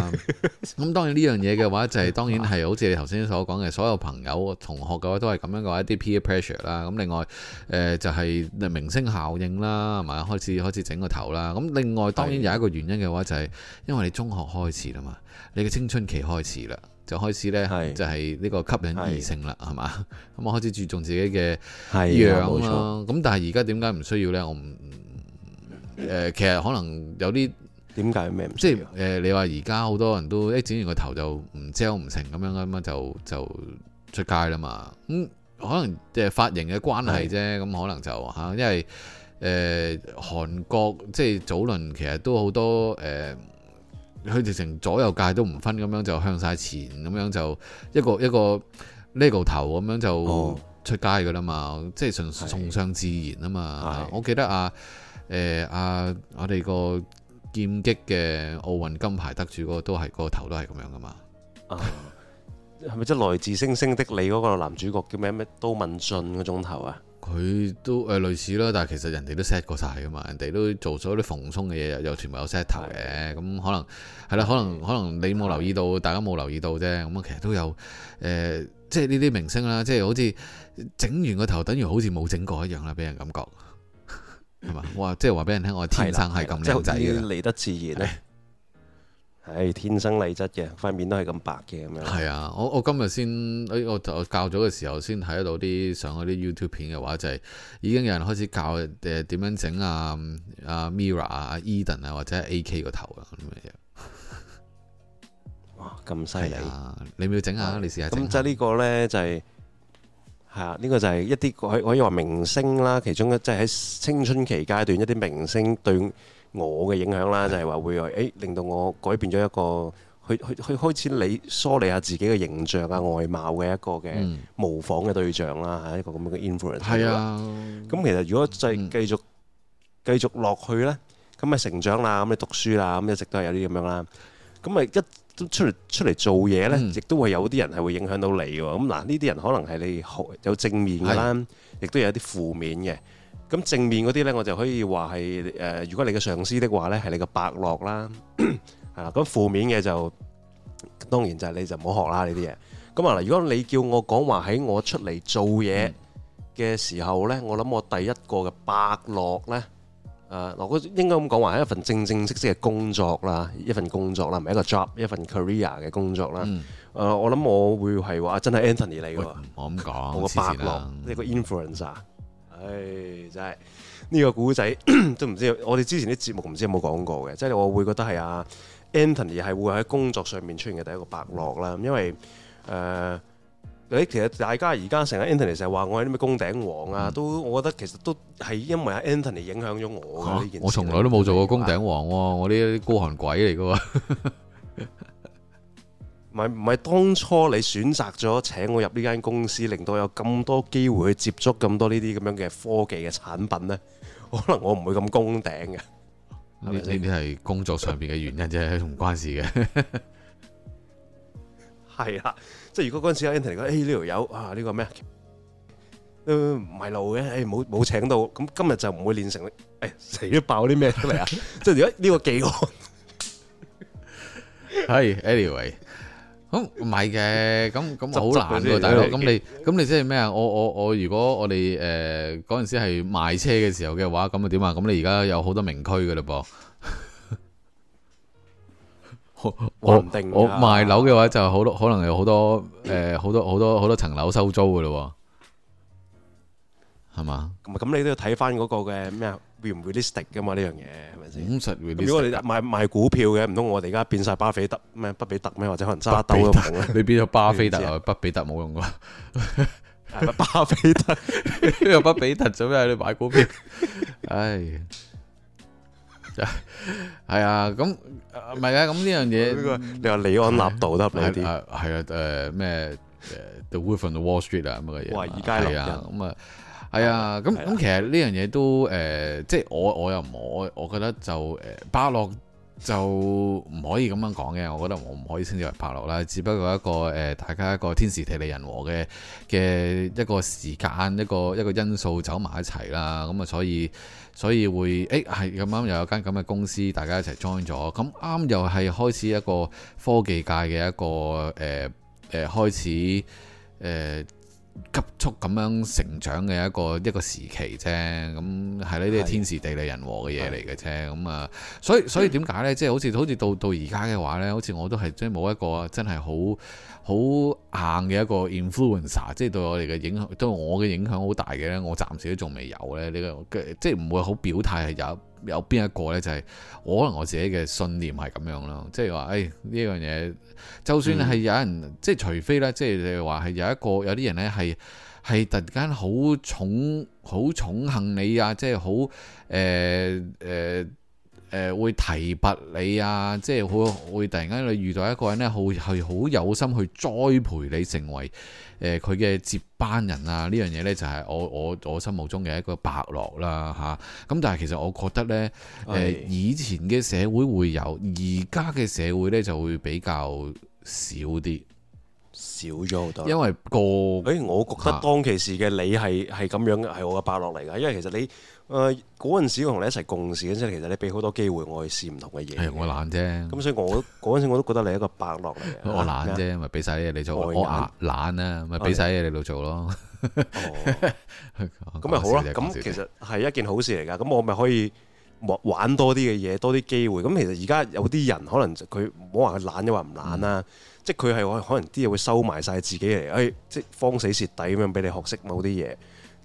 咁 當然呢樣嘢嘅話就係、是、當然係好似你頭先所講嘅，所有朋友同學嘅話都係咁樣嘅話一啲 peer pressure 啦。咁另外誒、呃、就係、是、明星效應啦，係咪開始開始,開始整個頭啦。咁另外當然有一個原因嘅話就係、是、的因為你中學開始啦嘛，你嘅青春期開始啦。就開始呢，是就係呢個吸引異性啦，係嘛是？咁我是吧 開始注重自己嘅樣啦。咁但係而家點解唔需要呢？我唔誒、呃，其實可能有啲點解咩？即係、就是呃、你話而家好多人都一剪完個頭就唔遮唔成咁樣咁樣，就就出街啦嘛。咁可能誒髮型嘅關係啫。咁可能就嚇的，因為誒、呃、韓國即係、就是、早輪，其實都好多誒。呃佢直情左右界都唔分咁樣，就向晒前咁樣，就一個一個呢個頭咁樣就出街噶啦嘛，哦、即係純崇尚自然啊嘛。是的 我記得啊，誒、呃、阿、嗯啊啊、我哋個劍擊嘅奧運金牌得主嗰個都係個頭都係咁樣噶嘛。啊，係咪即係來自星星的你嗰個男主角叫咩咩？都敏俊嗰種頭啊？佢都誒類似啦，但係其實人哋都 set 過晒噶嘛，人哋都做咗啲蓬鬆嘅嘢，又全部有 set 頭嘅，咁是的 可能係啦、嗯，可能可能你冇留意到，是的 大家冇留意到啫，咁啊其實都有誒、呃，即係呢啲明星啦，即係好似整完個頭，等於好似冇整過一樣啦，俾人感覺係嘛？的 哇！即係話俾人聽，我天生係咁靚仔㗎。係嚟得自然咧。係天生麗質嘅，塊面都係咁白嘅咁樣。係啊，我我今日先誒，我就教咗嘅時候先睇到啲上嗰啲 YouTube 片嘅話，就係、係、已經有人開始教誒點樣整啊啊 Mira 啊 Eden 啊或者 AK 個頭啊咁樣。哇！咁犀利，啊！Mira, Eden, 啊你咪要整下，啊、你試，試下。咁即係呢個呢？就係、係、係啊，呢、呢個就係一啲可以話明星啦，其中一即係喺青春期階段一啲明星對。我嘅影響啦，就係、是、話會誒令到我改變咗一個去去去開始理梳理下自己嘅形象啊外貌嘅一個嘅模仿嘅對象啦，係、嗯、一個咁樣嘅 influence 啦。咁、嗯、其實如果就係繼續繼續落去呢，咁咪成長啦，咁你讀書啦，咁一直都係有啲咁樣啦。咁咪一出嚟出嚟做嘢呢，亦都會有啲人係會影響到你喎。咁嗱，呢啲人可能係你好有正面嘅啦，亦是都有一啲負面嘅。咁正面嗰啲咧，我就可以話係誒，如果你嘅上司的話咧，係你嘅伯樂啦，啊咁 負面嘅就當然就係你就唔好學啦呢啲嘢。咁啊嗱，如果你叫我講話喺我出嚟做嘢嘅時候咧，嗯、我諗我第一個嘅伯樂咧，誒我覺得應該咁講話係一份正正式式嘅工作啦，一份工作啦，唔係一個 job，一份 career 嘅工作啦。誒、嗯呃、我諗我會係話真係 Anthony 嚟嘅喎，我咁講，我嘅伯樂，你了個 influencer、啊。誒，真係呢個古仔 都唔知，我哋之前啲節目唔知有冇講過嘅，即、就、係、是、我會覺得係啊 Anthony 係會喺工作上面出現嘅第一個伯樂啦，因為誒，嗰、呃、其實大家而家成日 Anthony 成日話我係啲咩宮頂王啊，嗯、都我覺得其實都係因為阿 Anthony 影響咗我呢、啊、件事。我從來都冇做過宮頂王、啊，啊、我呢啲孤寒鬼嚟噶、啊。 咪唔係當初你選擇咗請我入呢間公司，令到有咁多機會去接觸咁多呢啲咁樣嘅科技嘅產品咧，可能我唔會咁攻頂嘅。呢啲係工作上邊嘅原因啫，唔 關事嘅。係 啦，即係如果嗰陣時阿 Andy 嚟講，誒呢條友啊呢、呢個咩，唔、呃、迷路嘅，冇、哎、冇請到，咁今日就唔會練成誒、哎、死咗爆啲咩出嚟啊！即係如果呢個幾個係 anyway。好唔係嘅，咁咁就好難喎，大佬。咁你咁你即係咩啊？我我我如果我哋誒嗰陣時係賣車嘅時候嘅話，咁啊點啊？咁你而家有好多名區噶啦噃。 我唔定我，我賣樓嘅話就好多，可能有好多誒，好、呃、多好多好多層樓收租噶啦，係嘛？咁 咁吧你都要睇翻嗰個嘅咩啊？會唔會 list 噶嘛呢樣嘢係咪先？是是如果我哋賣股票嘅，唔通我哋而家變晒巴菲特咩？不比特咩？或者可能揸兜都冇？你變咗巴菲特不比特冇用啦，係咪？巴菲特 又不比特做咩？你買股票？唉，係 啊，咁唔係啊，咁呢樣嘢你話李安納道得唔得啲？係 啊，誒咩誒 The Wolf of the Wall Street 啊咁嘅嘢，華爾街係啊咁啊。係啊，咁咁，的其實呢樣嘢都誒、呃，即係我我又唔我，我覺得就誒，伯、呃、樂就唔可以咁樣講嘅。我覺得我唔可以稱之為伯樂啦，只不過一個誒、呃，大家一個天時地利人和嘅嘅一個時間，一個一個因素走埋一齊啦。咁啊，所以所以會誒，係咁啱又有間咁嘅公司，大家一齊 join 咗。咁啱又係開始一個科技界嘅一個誒誒、呃呃、開始誒。呃急速咁樣成長嘅一個一個時期啫，咁係呢啲天時地利人和嘅嘢嚟嘅啫，咁啊，所以所以點解呢？即係好似好似到到而家嘅話呢，好似我都係即係冇一個真係好。好硬嘅一個 influencer，即係對我哋嘅影響，對我嘅影響好大嘅咧。我暫時都仲未有咧，呢個即係唔會好表態係有有邊一個咧，就係、是、我可能我自己嘅信念係咁樣咯、就是哎這個。即係話，誒呢樣嘢，就算係有人，嗯、即係除非咧，即係你話係有一個有啲人咧，係係突然間好寵好寵幸你啊！即係好誒誒。呃呃誒會提拔你啊！即係會會突然間你遇到一個人呢，好係好有心去栽培你成為誒佢嘅接班人啊！呢樣嘢呢，就係我我我心目中嘅一個伯樂啦、啊、嚇。咁、啊、但係其實我覺得呢，誒、啊、以前嘅社會會有，而家嘅社會呢，就會比較少啲，少咗好多。因為、嗰個誒、欸，我覺得當其時嘅你係係咁樣，係我嘅伯樂嚟㗎。因為其實你。誒，嗰陣、呃、時我同你一齊共事嘅時候，其實你俾好多機會我去試唔同嘅嘢。係、哎、我懶啫。咁所以我嗰陣時我都覺得你係一個伯樂嚟。嘅 我懶啫得，咪俾晒嘢你做。我阿懶啊，咪俾晒嘢你度做咯。咁咪好咯。咁 其實係一件好事嚟噶。咁我咪可以玩多啲嘅嘢，多啲機會。咁其實而家有啲人可能佢好話佢懶，又話唔懶啦。即係佢係可能啲嘢會收埋晒自己嚟，誒，即係慌死蝕底咁樣俾你學識某啲嘢。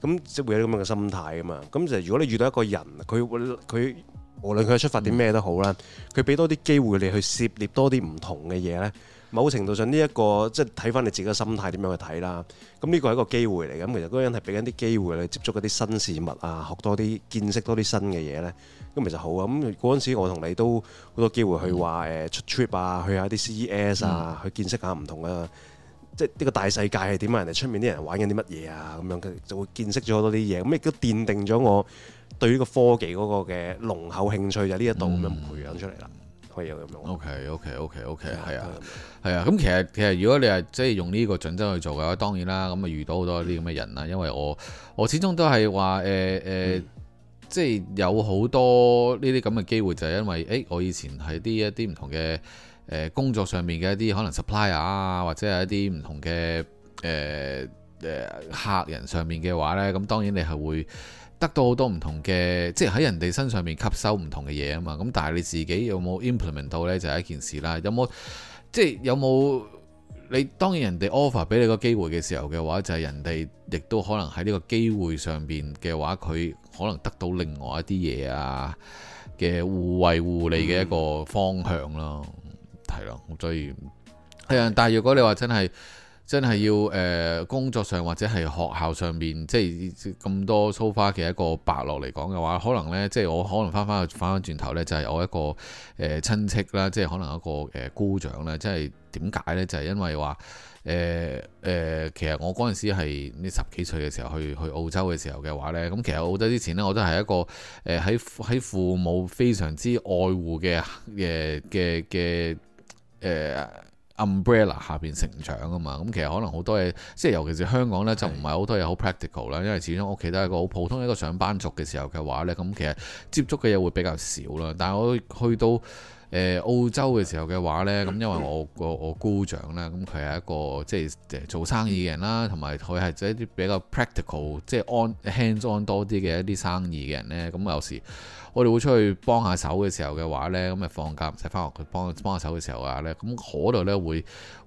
咁即係會有咁樣嘅心態啊嘛，咁就係如果你遇到一個人，佢會佢無論佢出發啲咩都好啦，佢俾、嗯、多啲機會你去涉獵多啲唔同嘅嘢呢。某程度上呢、這、一個即係睇翻你自己嘅心態點樣去睇啦。咁呢個係一個機會嚟，嘅。咁其實嗰個人係俾緊啲機會你接觸一啲新事物啊，學多啲見識多啲新嘅嘢呢。咁其實好啊。咁嗰陣時我同你都好多機會去話誒出 trip 啊，去下啲 CES 啊，嗯、去見識下唔同嘅。即係呢個大世界係點啊？人哋出面啲人玩緊啲乜嘢啊？咁樣佢就會見識咗好多啲嘢，咁亦都奠定咗我對呢個科技嗰個嘅濃厚興趣就呢一度咁樣培養出嚟啦。可以咁講。OK，OK，OK，OK，係啊，係啊。咁其實其實如果你係即係用呢個準則去做嘅話，當然啦，咁啊遇到好多啲咁嘅人啦。因為我我始終都係話誒誒，即係有好多呢啲咁嘅機會，就係因為誒、欸、我以前係啲一啲唔同嘅。工作上面嘅一啲可能 supplier 啊，或者係一啲唔同嘅誒誒客人上面嘅話咧，咁當然你係會得到好多唔同嘅，即係喺人哋身上面吸收唔同嘅嘢啊嘛。咁但係你自己有冇 implement 到咧，就係一件事啦。有冇即係有冇你當然人哋 offer 俾你個機會嘅時候嘅話，就係人哋亦都可能喺呢個機會上邊嘅話，佢可能得到另外一啲嘢啊嘅互惠互利嘅一個方向咯。係咯，所以係啊。但係如果你話真係真係要誒、呃、工作上或者係學校上面，即係咁多 s 花嘅一個白落嚟講嘅話，可能呢，即係我可能翻翻翻翻轉頭咧，就係、是、我一個誒、呃、親戚啦，即係可能一個誒、呃、姑丈咧。即係點解呢？就係、是、因為話誒誒，其實我嗰陣時係呢十幾歲嘅時候去去澳洲嘅時候嘅話呢。咁其實澳洲之前呢，我都係一個誒喺喺父母非常之愛護嘅嘅嘅嘅。呃誒 umbrella、uh, 下邊成長啊嘛，咁其實可能好多嘢，即係尤其是香港呢，就唔係好多嘢好 practical 啦，因為始終屋企都係一個好普通一個上班族嘅時候嘅話呢，咁其實接觸嘅嘢會比較少啦。但係我去到、呃、澳洲嘅時候嘅話呢，咁因為我個我，我，我姑丈呢，咁佢係一個即係做生意嘅人啦，同埋佢係一啲比較 practical，即係 on, hands on 多啲嘅一啲生意嘅人呢。咁有時，我哋會出去幫下手嘅時候嘅話呢，咁啊放假唔使翻學佢幫幫下手嘅時候啊呢，咁嗰度呢，會學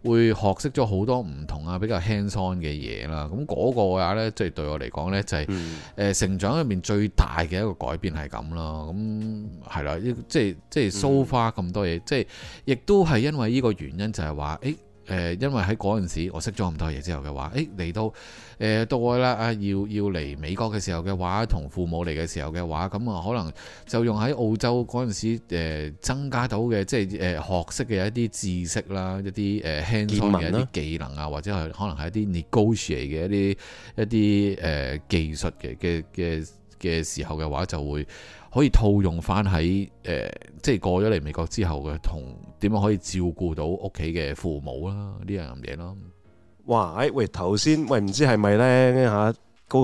會學識咗好多唔同啊，比較輕鬆嘅嘢啦。咁嗰個嘅話即係、就是、對我嚟講呢，就係、是、誒成長裏面最大嘅一個改變係咁咯。咁係啦，即係即係 so far 咁多嘢，即係、嗯就是、亦都係因為呢個原因就係話誒。誒誒，因為喺嗰陣時，我識咗咁多嘢之後嘅話，誒、欸、嚟到誒、欸、到我啦啊，要要嚟美國嘅時候嘅話，同父母嚟嘅時候嘅話，咁啊可能就用喺澳洲嗰陣時、呃、增加到嘅，即係誒、呃、學識嘅一啲知識啦，一啲誒輕鬆嘅一啲技能啊，或者係可能係一啲 negotiate 嘅一啲一啲誒、呃、技術嘅嘅嘅嘅時候嘅話就會可以套用翻喺誒，即係過咗嚟美國之後嘅同點樣可以照顧到屋企嘅父母啦，呢樣嘢咯。哇！誒，喂，頭先喂，唔知係咪呢？吓？嗰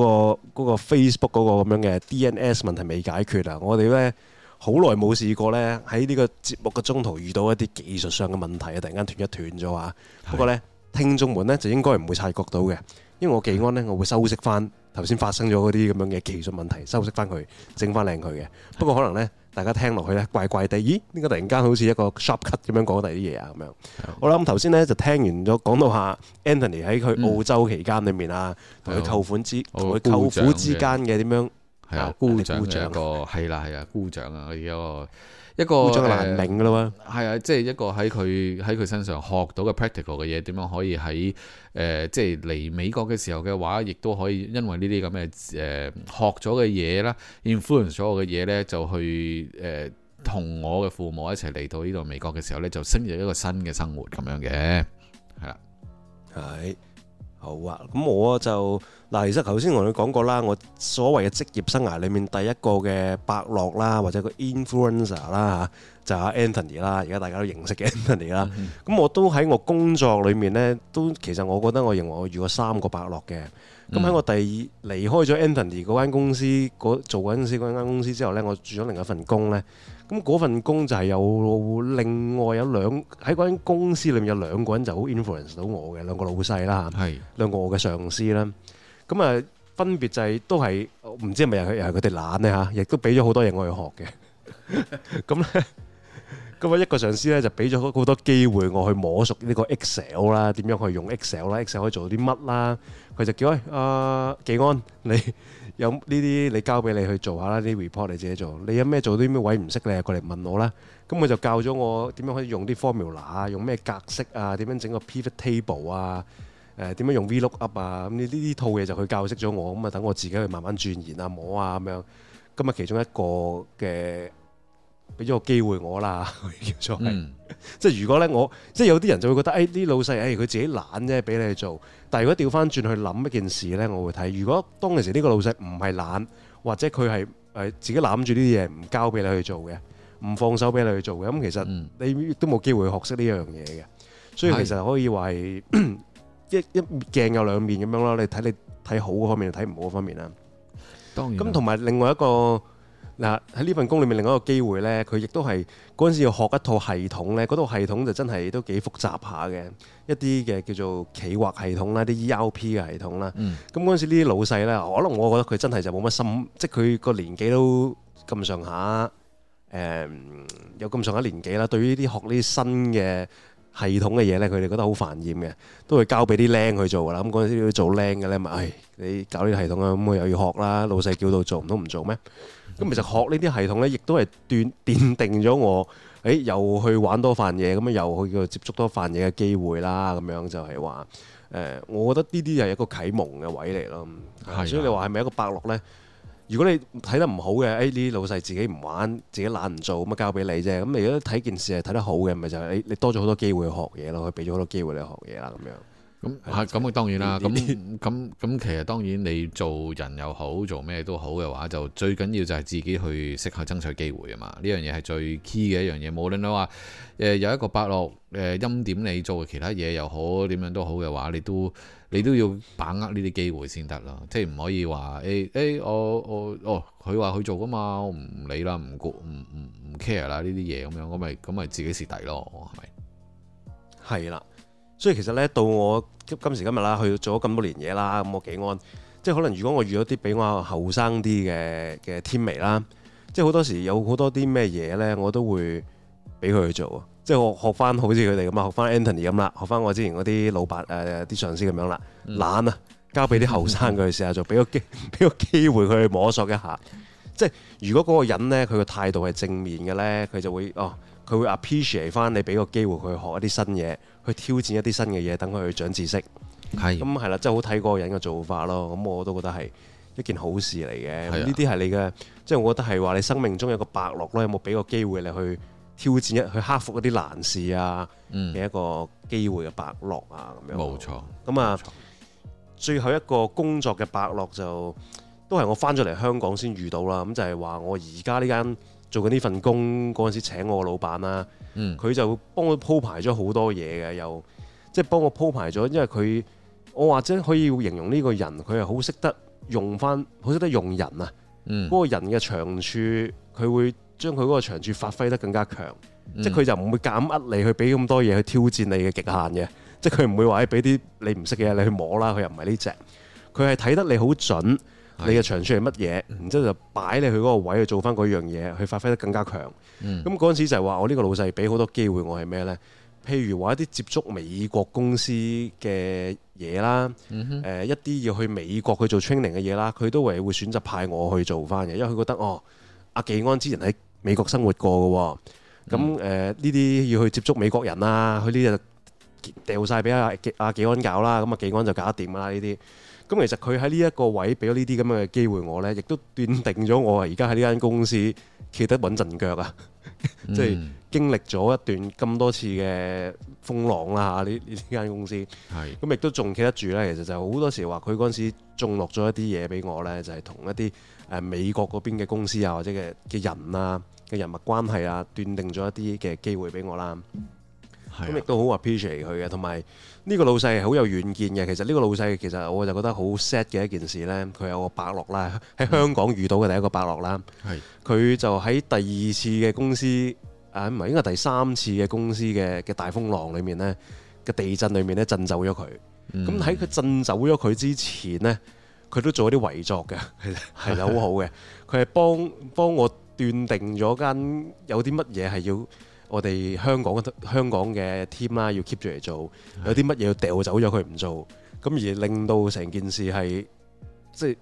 個嗰個 Facebook 嗰個咁樣嘅 DNS 問題未解決啊？我哋呢好耐冇試過呢喺呢個節目嘅中途遇到一啲技術上嘅問題啊！突然間斷一斷咗啊！是的 不過呢，聽眾們呢，就應該唔會察覺到嘅，因為我技安呢，我會修息翻。頭先發生咗嗰啲咁樣嘅技術問題，修飾翻佢，整翻靚佢嘅。不過可能呢，大家聽落去咧，怪怪地，咦？點解突然間好似一個 shop cut 咁樣講第二啲嘢啊？咁樣的好啦，咁頭先呢就聽完咗，講到下 Anthony 喺佢澳洲期間裏面啊，同佢扣款之同佢舅父之間嘅點樣？係的啊，姑丈嘅一個啦，係啊，姑丈啊，一個難明嘅咯喎，係、呃、啊， 即係一個喺佢喺佢身上學到嘅 practical 嘅嘢，點樣可以喺誒、呃、即係嚟美國嘅時候嘅話，亦都可以因為呢啲咁嘅誒學咗嘅嘢啦，influence 所有嘅嘢呢，就去誒同、呃、我嘅父母一齊嚟到呢度美國嘅時候呢，就升入一個新嘅生活咁樣嘅，係啦，係。好啊，咁我就嗱，其實頭先我同你講過啦，我所謂嘅職業生涯裡面第一個嘅伯樂啦，或者個 influencer 啦嚇，就阿、係、Anthony 啦，而家大家都認識嘅 Anthony 啦、嗯哼，咁我都喺我工作裡面呢，都其實我覺得我認為我遇過三個伯樂嘅，咁喺、嗯、我第二離開咗 Anthony 嗰間公司，嗰做嗰陣時嗰間公司之後呢，我轉咗另一份工呢。咁嗰份工就係有另外有兩，喺嗰間公司裏面有兩個人就好 influence 到我嘅，兩個老細啦嚇，兩個我嘅上司啦。咁啊分別就係都係唔知係咪又係佢哋懶咧嚇，亦都俾咗好多嘢我去學嘅。咁咁啊一個上司咧就俾咗好多機會我去摸熟呢個 Excel 啦，點樣去用 Excel 啦，Excel 可以做到啲乜啦。佢就叫，喂，阿紀安你。有呢啲你交俾你去做下啦，啲 report 你自己做。你有咩做啲咩位唔識，你又過嚟問我啦。咁佢就教咗我點樣可以用啲 formula 啊，用咩格式啊，點樣整個 pivot table 啊，誒、呃、點樣用 vlookup 啊。咁呢呢套嘢就佢教識咗我，咁啊等我自己去慢慢鑽研啊，摸啊咁樣。咁啊其中一個嘅。俾咗個機會我啦，叫做即係如果呢，我即係有啲人就會覺得，誒、哎、啲老細誒佢自己懶啫，俾你去做。但係如果調翻轉去諗一件事呢，我會睇。如果當其時呢個老細唔係懶，或者佢係誒自己攬住呢啲嘢唔交俾你去做嘅，唔放手俾你去做嘅，咁其實你都冇機會學識呢樣嘢嘅。所以其實可以話係是 一一面鏡有兩面咁樣咯。你睇你睇好嗰方面，睇唔好嗰方面啦。當然。咁同埋另外一個。嗱，喺呢份工裏面，另一個機會呢，佢亦都係嗰陣時要學一套系統呢，嗰套系統就真係都幾複雜下嘅，一啲嘅叫做企劃系統啦，啲 ERP 嘅系統啦。咁嗰陣時呢啲老細呢，可能我覺得佢真係就冇乜心，即係佢個年紀都咁上下，誒、嗯、有咁上下年紀啦。對於啲學呢啲新嘅系統嘅嘢呢，佢哋覺得好煩厭嘅，都會交俾啲僆去做啦。咁嗰陣時要做僆嘅呢，咪唉，你搞呢個系統啊，咁我又要學啦。老細叫到做唔通唔做咩？咁其實學呢啲系統咧，亦都係奠定咗我，誒、哎、又去玩多份嘢，咁啊又去接觸多份嘢嘅機會啦，咁樣就係話，誒、呃、我覺得呢啲係一個啟蒙嘅位嚟咯，的所以你話係咪一個伯樂呢？如果你睇得唔好嘅，誒、哎、呢啲老細自己唔玩，自己懶唔做，咁啊交俾你啫。咁你如果睇件事係睇得好嘅，咪就係、是、你，你多咗好多機會去學嘢咯，佢俾咗好多機會你學嘢啦，咁樣。咁啊，咁那的當然啦。咁咁咁，這些 其實當然你做人又好，做咩都好嘅話，就最緊要就係自己去適合爭取機會啊嘛。呢樣嘢係最 key 嘅一樣嘢。無論你話誒有一個伯樂誒欽點你做其他嘢又好，點樣都好嘅話，你都你都要把握呢啲機會先得咯。即係唔可以話誒誒，我我哦，佢話佢做噶嘛，我唔理啦，唔唔唔唔 care 啦呢啲嘢咁樣，我咪咁咪自己蝕底咯，係咪？係啦。所以其實咧，到我今時今日啦，去做咗咁多年嘢啦，咁我幾安，即係可能如果我遇到啲比我後生啲嘅嘅天眉啦，即係好多時有好多啲咩嘢咧，我都會俾佢去做，即係我學翻好似佢哋咁啊，學翻 Anthony 咁啦，學翻我之前嗰啲老闆誒啲上司咁樣啦，懶啊，交俾啲後生佢試下做，俾個機俾個機會佢去摸索一下，即係如果嗰個人咧佢嘅態度係正面嘅咧，佢就會哦。佢會 appreciate 翻你俾個機會佢學一啲新嘢，去挑戰一啲新嘅嘢，等佢去長知識。係咁係啦，即係好睇嗰個人嘅做法咯。咁我都覺得係一件好事嚟嘅。呢啲係你嘅，即係我覺得係話你生命中有個伯樂咯。有冇俾個機會你去挑戰一、去克服一啲難事啊嘅一個機會嘅伯樂啊咁、嗯、樣。冇錯。咁啊，錯最後一個工作嘅伯樂就都係我翻咗嚟香港先遇到啦。咁就係話我而家呢間。做緊呢份工嗰陣時請我個老闆啦，佢、嗯、就幫我鋪排咗好多嘢嘅，又即係、就是、幫我鋪排咗。因為佢我或者可以形容呢個人，佢係好識得用返，好識得用人啊。嗰、嗯、個人嘅長處，佢會將佢嗰個長處發揮得更加強。即係佢就唔會夾硬呃你去俾咁多嘢去挑戰你嘅極限嘅。即係佢唔會話誒俾啲你唔識嘅嘢你去摸啦。佢又唔係呢隻，佢係睇得你好準。你嘅長處係乜嘢？的然之後就擺你去嗰個位去做翻嗰樣嘢，去發揮得更加強。咁嗰陣時就係話，我呢個老細俾好多機會我係咩呢？譬如話一啲接觸美國公司嘅嘢啦，一啲要去美國去做 training 嘅嘢啦，佢都會會選擇派我去做翻嘅，因為佢覺得哦，阿紀安之前喺美國生活過嘅喎，咁誒呢啲要去接觸美國人啦，佢呢就掉晒俾阿紀阿安搞啦，咁啊紀安就搞得掂啦呢啲。咁其實佢喺呢一個位俾咗呢啲咁嘅機會我，呢亦都斷定咗我而家喺呢間公司企得穩陣腳啊！即係、嗯、 經歷咗一段咁多次嘅風浪啦呢呢間公司。咁亦是都仲企得住呢。其實就好多時話佢嗰陣時仲落咗一啲嘢俾我呢，就係、是、同一啲誒美國嗰邊嘅公司啊，或者嘅嘅人啊嘅人物關係啊，斷定咗一啲嘅機會俾我啦。咁亦、啊、都好 appreciate 佢嘅，同埋。呢個老細係好有遠見嘅，其實呢個老細其實我就覺得好 sad 嘅一件事呢，佢有個伯樂啦，喺香港遇到嘅第一個伯樂啦，佢、嗯、就喺第二次嘅公司唔係、啊、應該第三次嘅公司嘅嘅大風浪裡面呢，嘅地震裡面呢震走咗佢。咁喺佢震走咗佢之前呢，佢都做咗啲遺作嘅，係啦，好好嘅。佢係幫幫我斷定咗間有啲乜嘢係要。我哋香港嘅香港嘅 team 啦，要 keep 住嚟做，有啲乜嘢要掉走咗佢唔做，咁而令到成件事係即係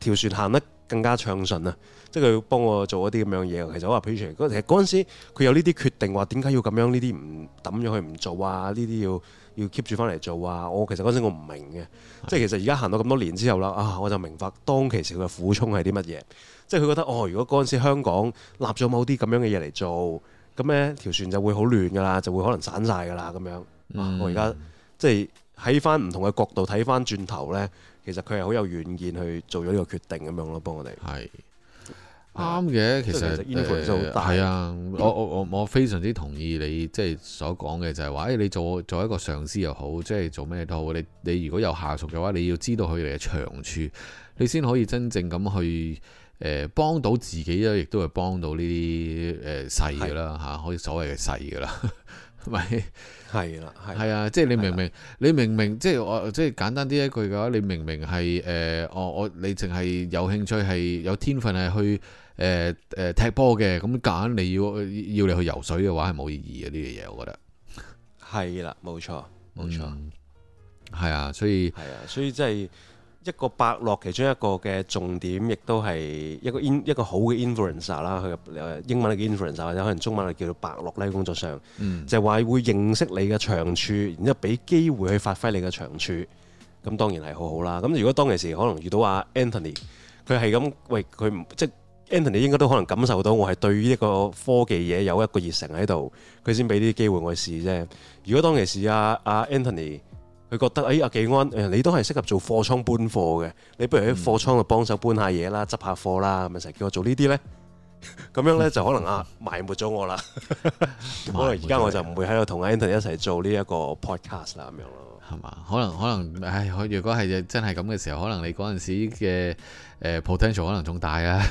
條船行得更加暢順啊！即係佢要幫我做一啲咁樣嘢。其實我話 Patrick 嗰其實嗰陣時佢有呢啲決定話，點解要咁樣呢啲唔抌咗佢唔做啊？呢啲要要 keep 住翻嚟做啊！我、哦、其實嗰陣時我唔明嘅，是的 即係其實而家行到咁多年之後啦，啊我就明白當其時佢嘅苦衷係啲乜嘢？即係佢覺得哦，如果嗰陣時香港立咗某啲咁樣嘅嘢嚟做。咁呢條船就會好亂噶啦，就會可能散晒噶啦咁樣。嗯、我而家即係喺翻唔同嘅角度睇翻轉頭呢，其實佢係好有遠見去做咗呢個決定咁樣咯，幫我哋係啱嘅。其實影響都係啊！我我我非常之同意你即係所講嘅，就係、是、話，誒、哎，你做做一個上司又好，即、就、係、是、做咩都好，你你如果有下屬嘅話，你要知道佢哋嘅長處，你先可以真正咁去。誒，幫到自己咧，亦都係幫到呢啲誒細嘅啦吓，可以所謂嘅細噶啦，係咪？係啦，係啊，即係你明明，你明明，即係我即係簡單啲一句嘅話，你明明係誒，我我你淨係有興趣係有天分係去誒誒踢波嘅，咁夾硬你要要你去游水嘅話，係冇意義嘅呢樣嘢，我覺得係啦，冇錯，冇錯，係啊，所以係啊，所以即係。一個伯樂其中一個嘅重點，亦都係一個 in 一個好嘅 influencer 啦。佢英文叫 influencer 或者可能中文係叫做伯樂呢，工作上，嗯、就係話會認識你嘅長處，然之後俾機會去發揮你嘅長處。咁當然係好好啦。咁如果當其時可能遇到阿 Anthony，佢係咁喂，佢唔即、就是、Anthony 應該都可能感受到我係對於一個科技嘢有一個熱誠喺度，佢先俾啲機會我試啫。如果當其時阿、啊、阿、啊、Anthony，佢覺得誒阿、哎、記安誒你都係適合做貨倉搬貨嘅，你不如喺貨倉度幫手搬下嘢啦，執下貨啦，咁咪成日叫我做呢啲咧，咁 樣咧就可能啊埋沒咗我啦。 可能而家我就唔會喺度同阿 Andy 一齊做呢一個 podcast 啦，咁樣咯，係嘛？可能可能誒，如果係真係咁嘅時候，可能你嗰陣時嘅誒 potential 可能仲大啊。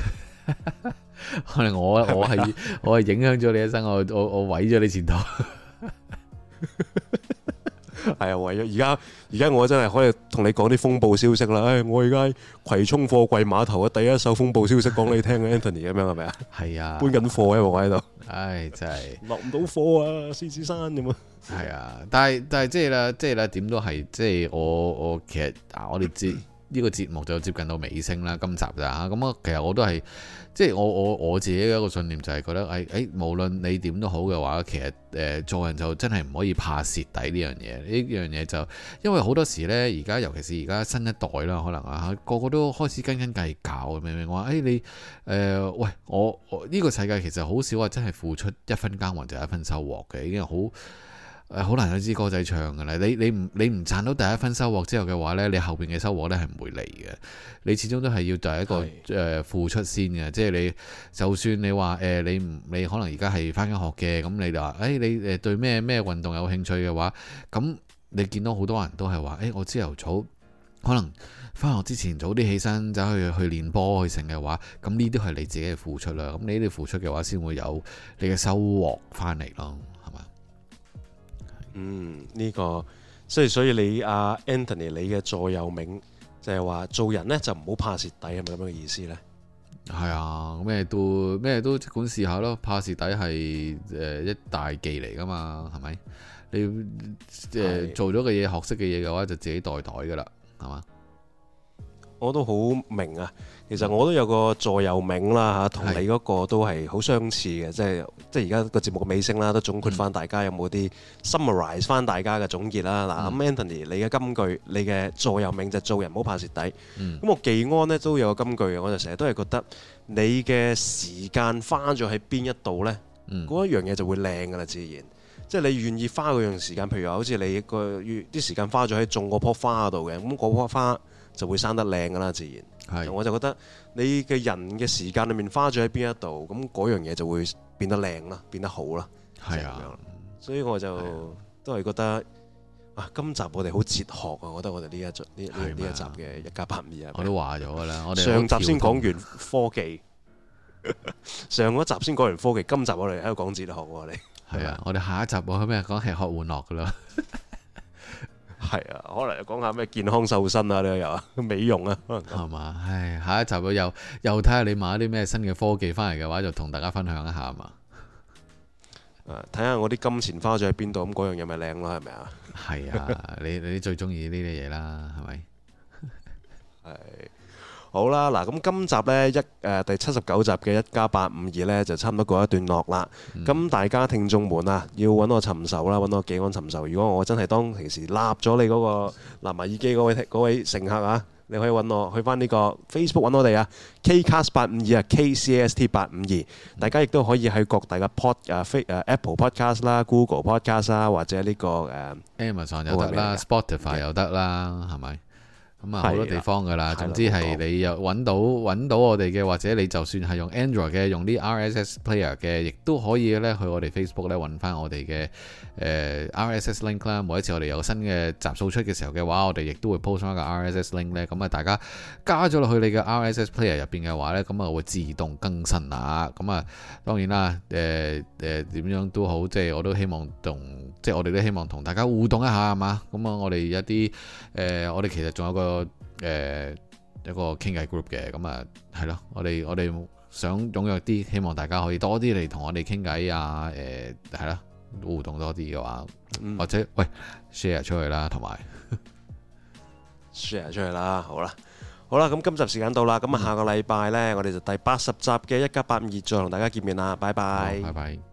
可能， 可能我我係我係影響咗你一生，我我我毀咗你前途。 係啊，為咗而家而家我真係可以同你講啲風暴消息啦！誒，我而家葵涌貨櫃碼頭嘅第一手風暴消息講你聽，Anthony，咁樣係咪啊？係啊，搬緊貨喎，我喺度。唉、哎，真係落唔到貨啊，獅子山咁啊！係啊，但係但係即係啦，即係啦，點、就是、都係即係我我其實嗱、啊，我哋知。呢個節目就接近到尾聲啦，今集咋咁啊，其實我都係。即係我我我自己嘅一個信念就係覺得誒誒、哎、無論你點都好嘅話，其實誒、呃、做人就真係唔可以怕蝕底呢樣嘢，呢樣嘢就因為好多時呢，而家尤其是而家新一代啦，可能啊個個都開始斤斤計較，明唔明話誒你誒、呃、喂我呢、呢個世界其實好少話真係付出一分耕耘就係，一分收穫嘅，已經好。誒，好難有支歌仔唱噶啦！你你唔你唔賺到第一分收穫之後嘅話呢，你後邊嘅收穫呢，係唔會嚟嘅。你始終都係要第一個誒付出先嘅，是即係你就算你話誒、呃、你唔你可能而家係翻緊學嘅，咁你就話誒、欸、你誒對咩咩運動有興趣嘅話，咁你見到好多人都係話誒我朝頭早可能翻學之前早啲起身走去去練波去成嘅話，咁呢啲係你自己嘅付出啦。咁你呢啲付出嘅話，先會有你嘅收穫翻嚟咯。嗯，呢、呢個即係所以你啊 Anthony 你嘅座右銘就係、係、話做人呢，就唔好怕蝕底，係咪咁樣嘅意思呢？係啊，咩都咩都即管試下咯，怕蝕底係誒一大忌嚟㗎嘛，係咪？你誒、呃、做咗嘅嘢學識嘅嘢嘅話就自己袋袋㗎啦，係嘛？我都好明啊！其實我都有個座右銘啦嚇，同你嗰個都係好相似嘅的，即係即係而家個節目嘅尾聲啦，都總括翻大家有冇啲 s u m m a r i z e 翻大家嘅總結啦。嗱、嗯，咁 Anthony 你嘅金句，你嘅座右銘就做人唔好怕蝕底。咁、嗯、我技安呢都有個金句嘅，我就成日都係覺得你嘅時間花咗喺邊一度呢？嗰、嗯、一樣嘢就會靚噶啦，自然。即係你願意花嗰樣時間，譬如話好似你個啲時間花咗喺種嗰棵花度嘅，咁棵花。就會生得靚噶啦，自然。係是，我就覺得你嘅人嘅時間裏面花咗喺邊一度，咁嗰樣嘢就會變得靚啦，變得好啦。係啊，所以我就、啊、都係覺得啊，今集我哋好哲學啊，我覺得我哋呢一，吧一集呢呢一集嘅一家852啊，我都話咗噶啦。我哋上集先講完科技， 上嗰集先講完科技，今集我哋喺度講哲學我哋，係啊，我哋下一集我係咪啊，講吃喝玩樂噶啦。 係啊，可能講下咩健康瘦身啊呢個又美容啊，係嘛，唉，下一集又又睇下你買啲咩新嘅科技翻嚟嘅話，就同大家分享一下，係嘛，睇下、啊、我啲金錢花咗喺邊度，咁嗰樣有咪靚咯，係咪啊？係啊，你你最中意呢啲嘢啦，係咪 吧？好啦，嗱咁今集呢，一誒、呃、第七十九集嘅一家八五二呢，就差唔多過一段落啦。咁、嗯、大家聽眾們啊，要揾我尋仇啦，揾我幾安尋仇？如果我真係當其時立咗你嗰個藍牙耳機嗰位位乘客啊，你可以揾我去返呢個 Facebook 揾我哋啊，Kcast 八五二啊，KCST 八五二。52, 52, 嗯、大家亦都可以喺各大嘅 Pod、uh, Apple Podcast 啦、Google Podcast 啦，或者呢、呢個誒、uh, Amazon 又得啦，Spotify 又得啦，係咪、啊？對咁啊，好多地方噶啦，了總之係你有揾到揾了到我哋嘅，或者你就算係用 Android 嘅，用啲 RSS player 嘅，亦都可以咧去我哋 Facebook 咧揾翻我哋嘅誒、呃、RSS link 啦。每一次我哋有新嘅集數出嘅時候嘅話，我哋亦都會 post 上一個 RSS link 咧。咁啊，大家加咗落去你嘅 RSS player 入邊嘅話咧，咁啊會自動更新啊。咁啊，當然啦，誒誒點樣都好，即係我都希望同。即係我哋都希望同大家互動一下，係嘛？咁啊、呃，我哋一啲誒、呃，我哋其實仲有個誒一個傾偈 group 嘅，咁啊係咯，我哋我哋想踴躍啲，希望大家可以多啲嚟同我哋傾偈啊，誒係咯互動多啲嘅話，嗯、或者喂 share 出去啦，同埋 share 出去啦，好啦好啦，咁今集時間到啦，咁啊下個禮拜呢，嗯、我哋就第八十集嘅一家八五二，再同大家見面啦，拜拜，拜拜。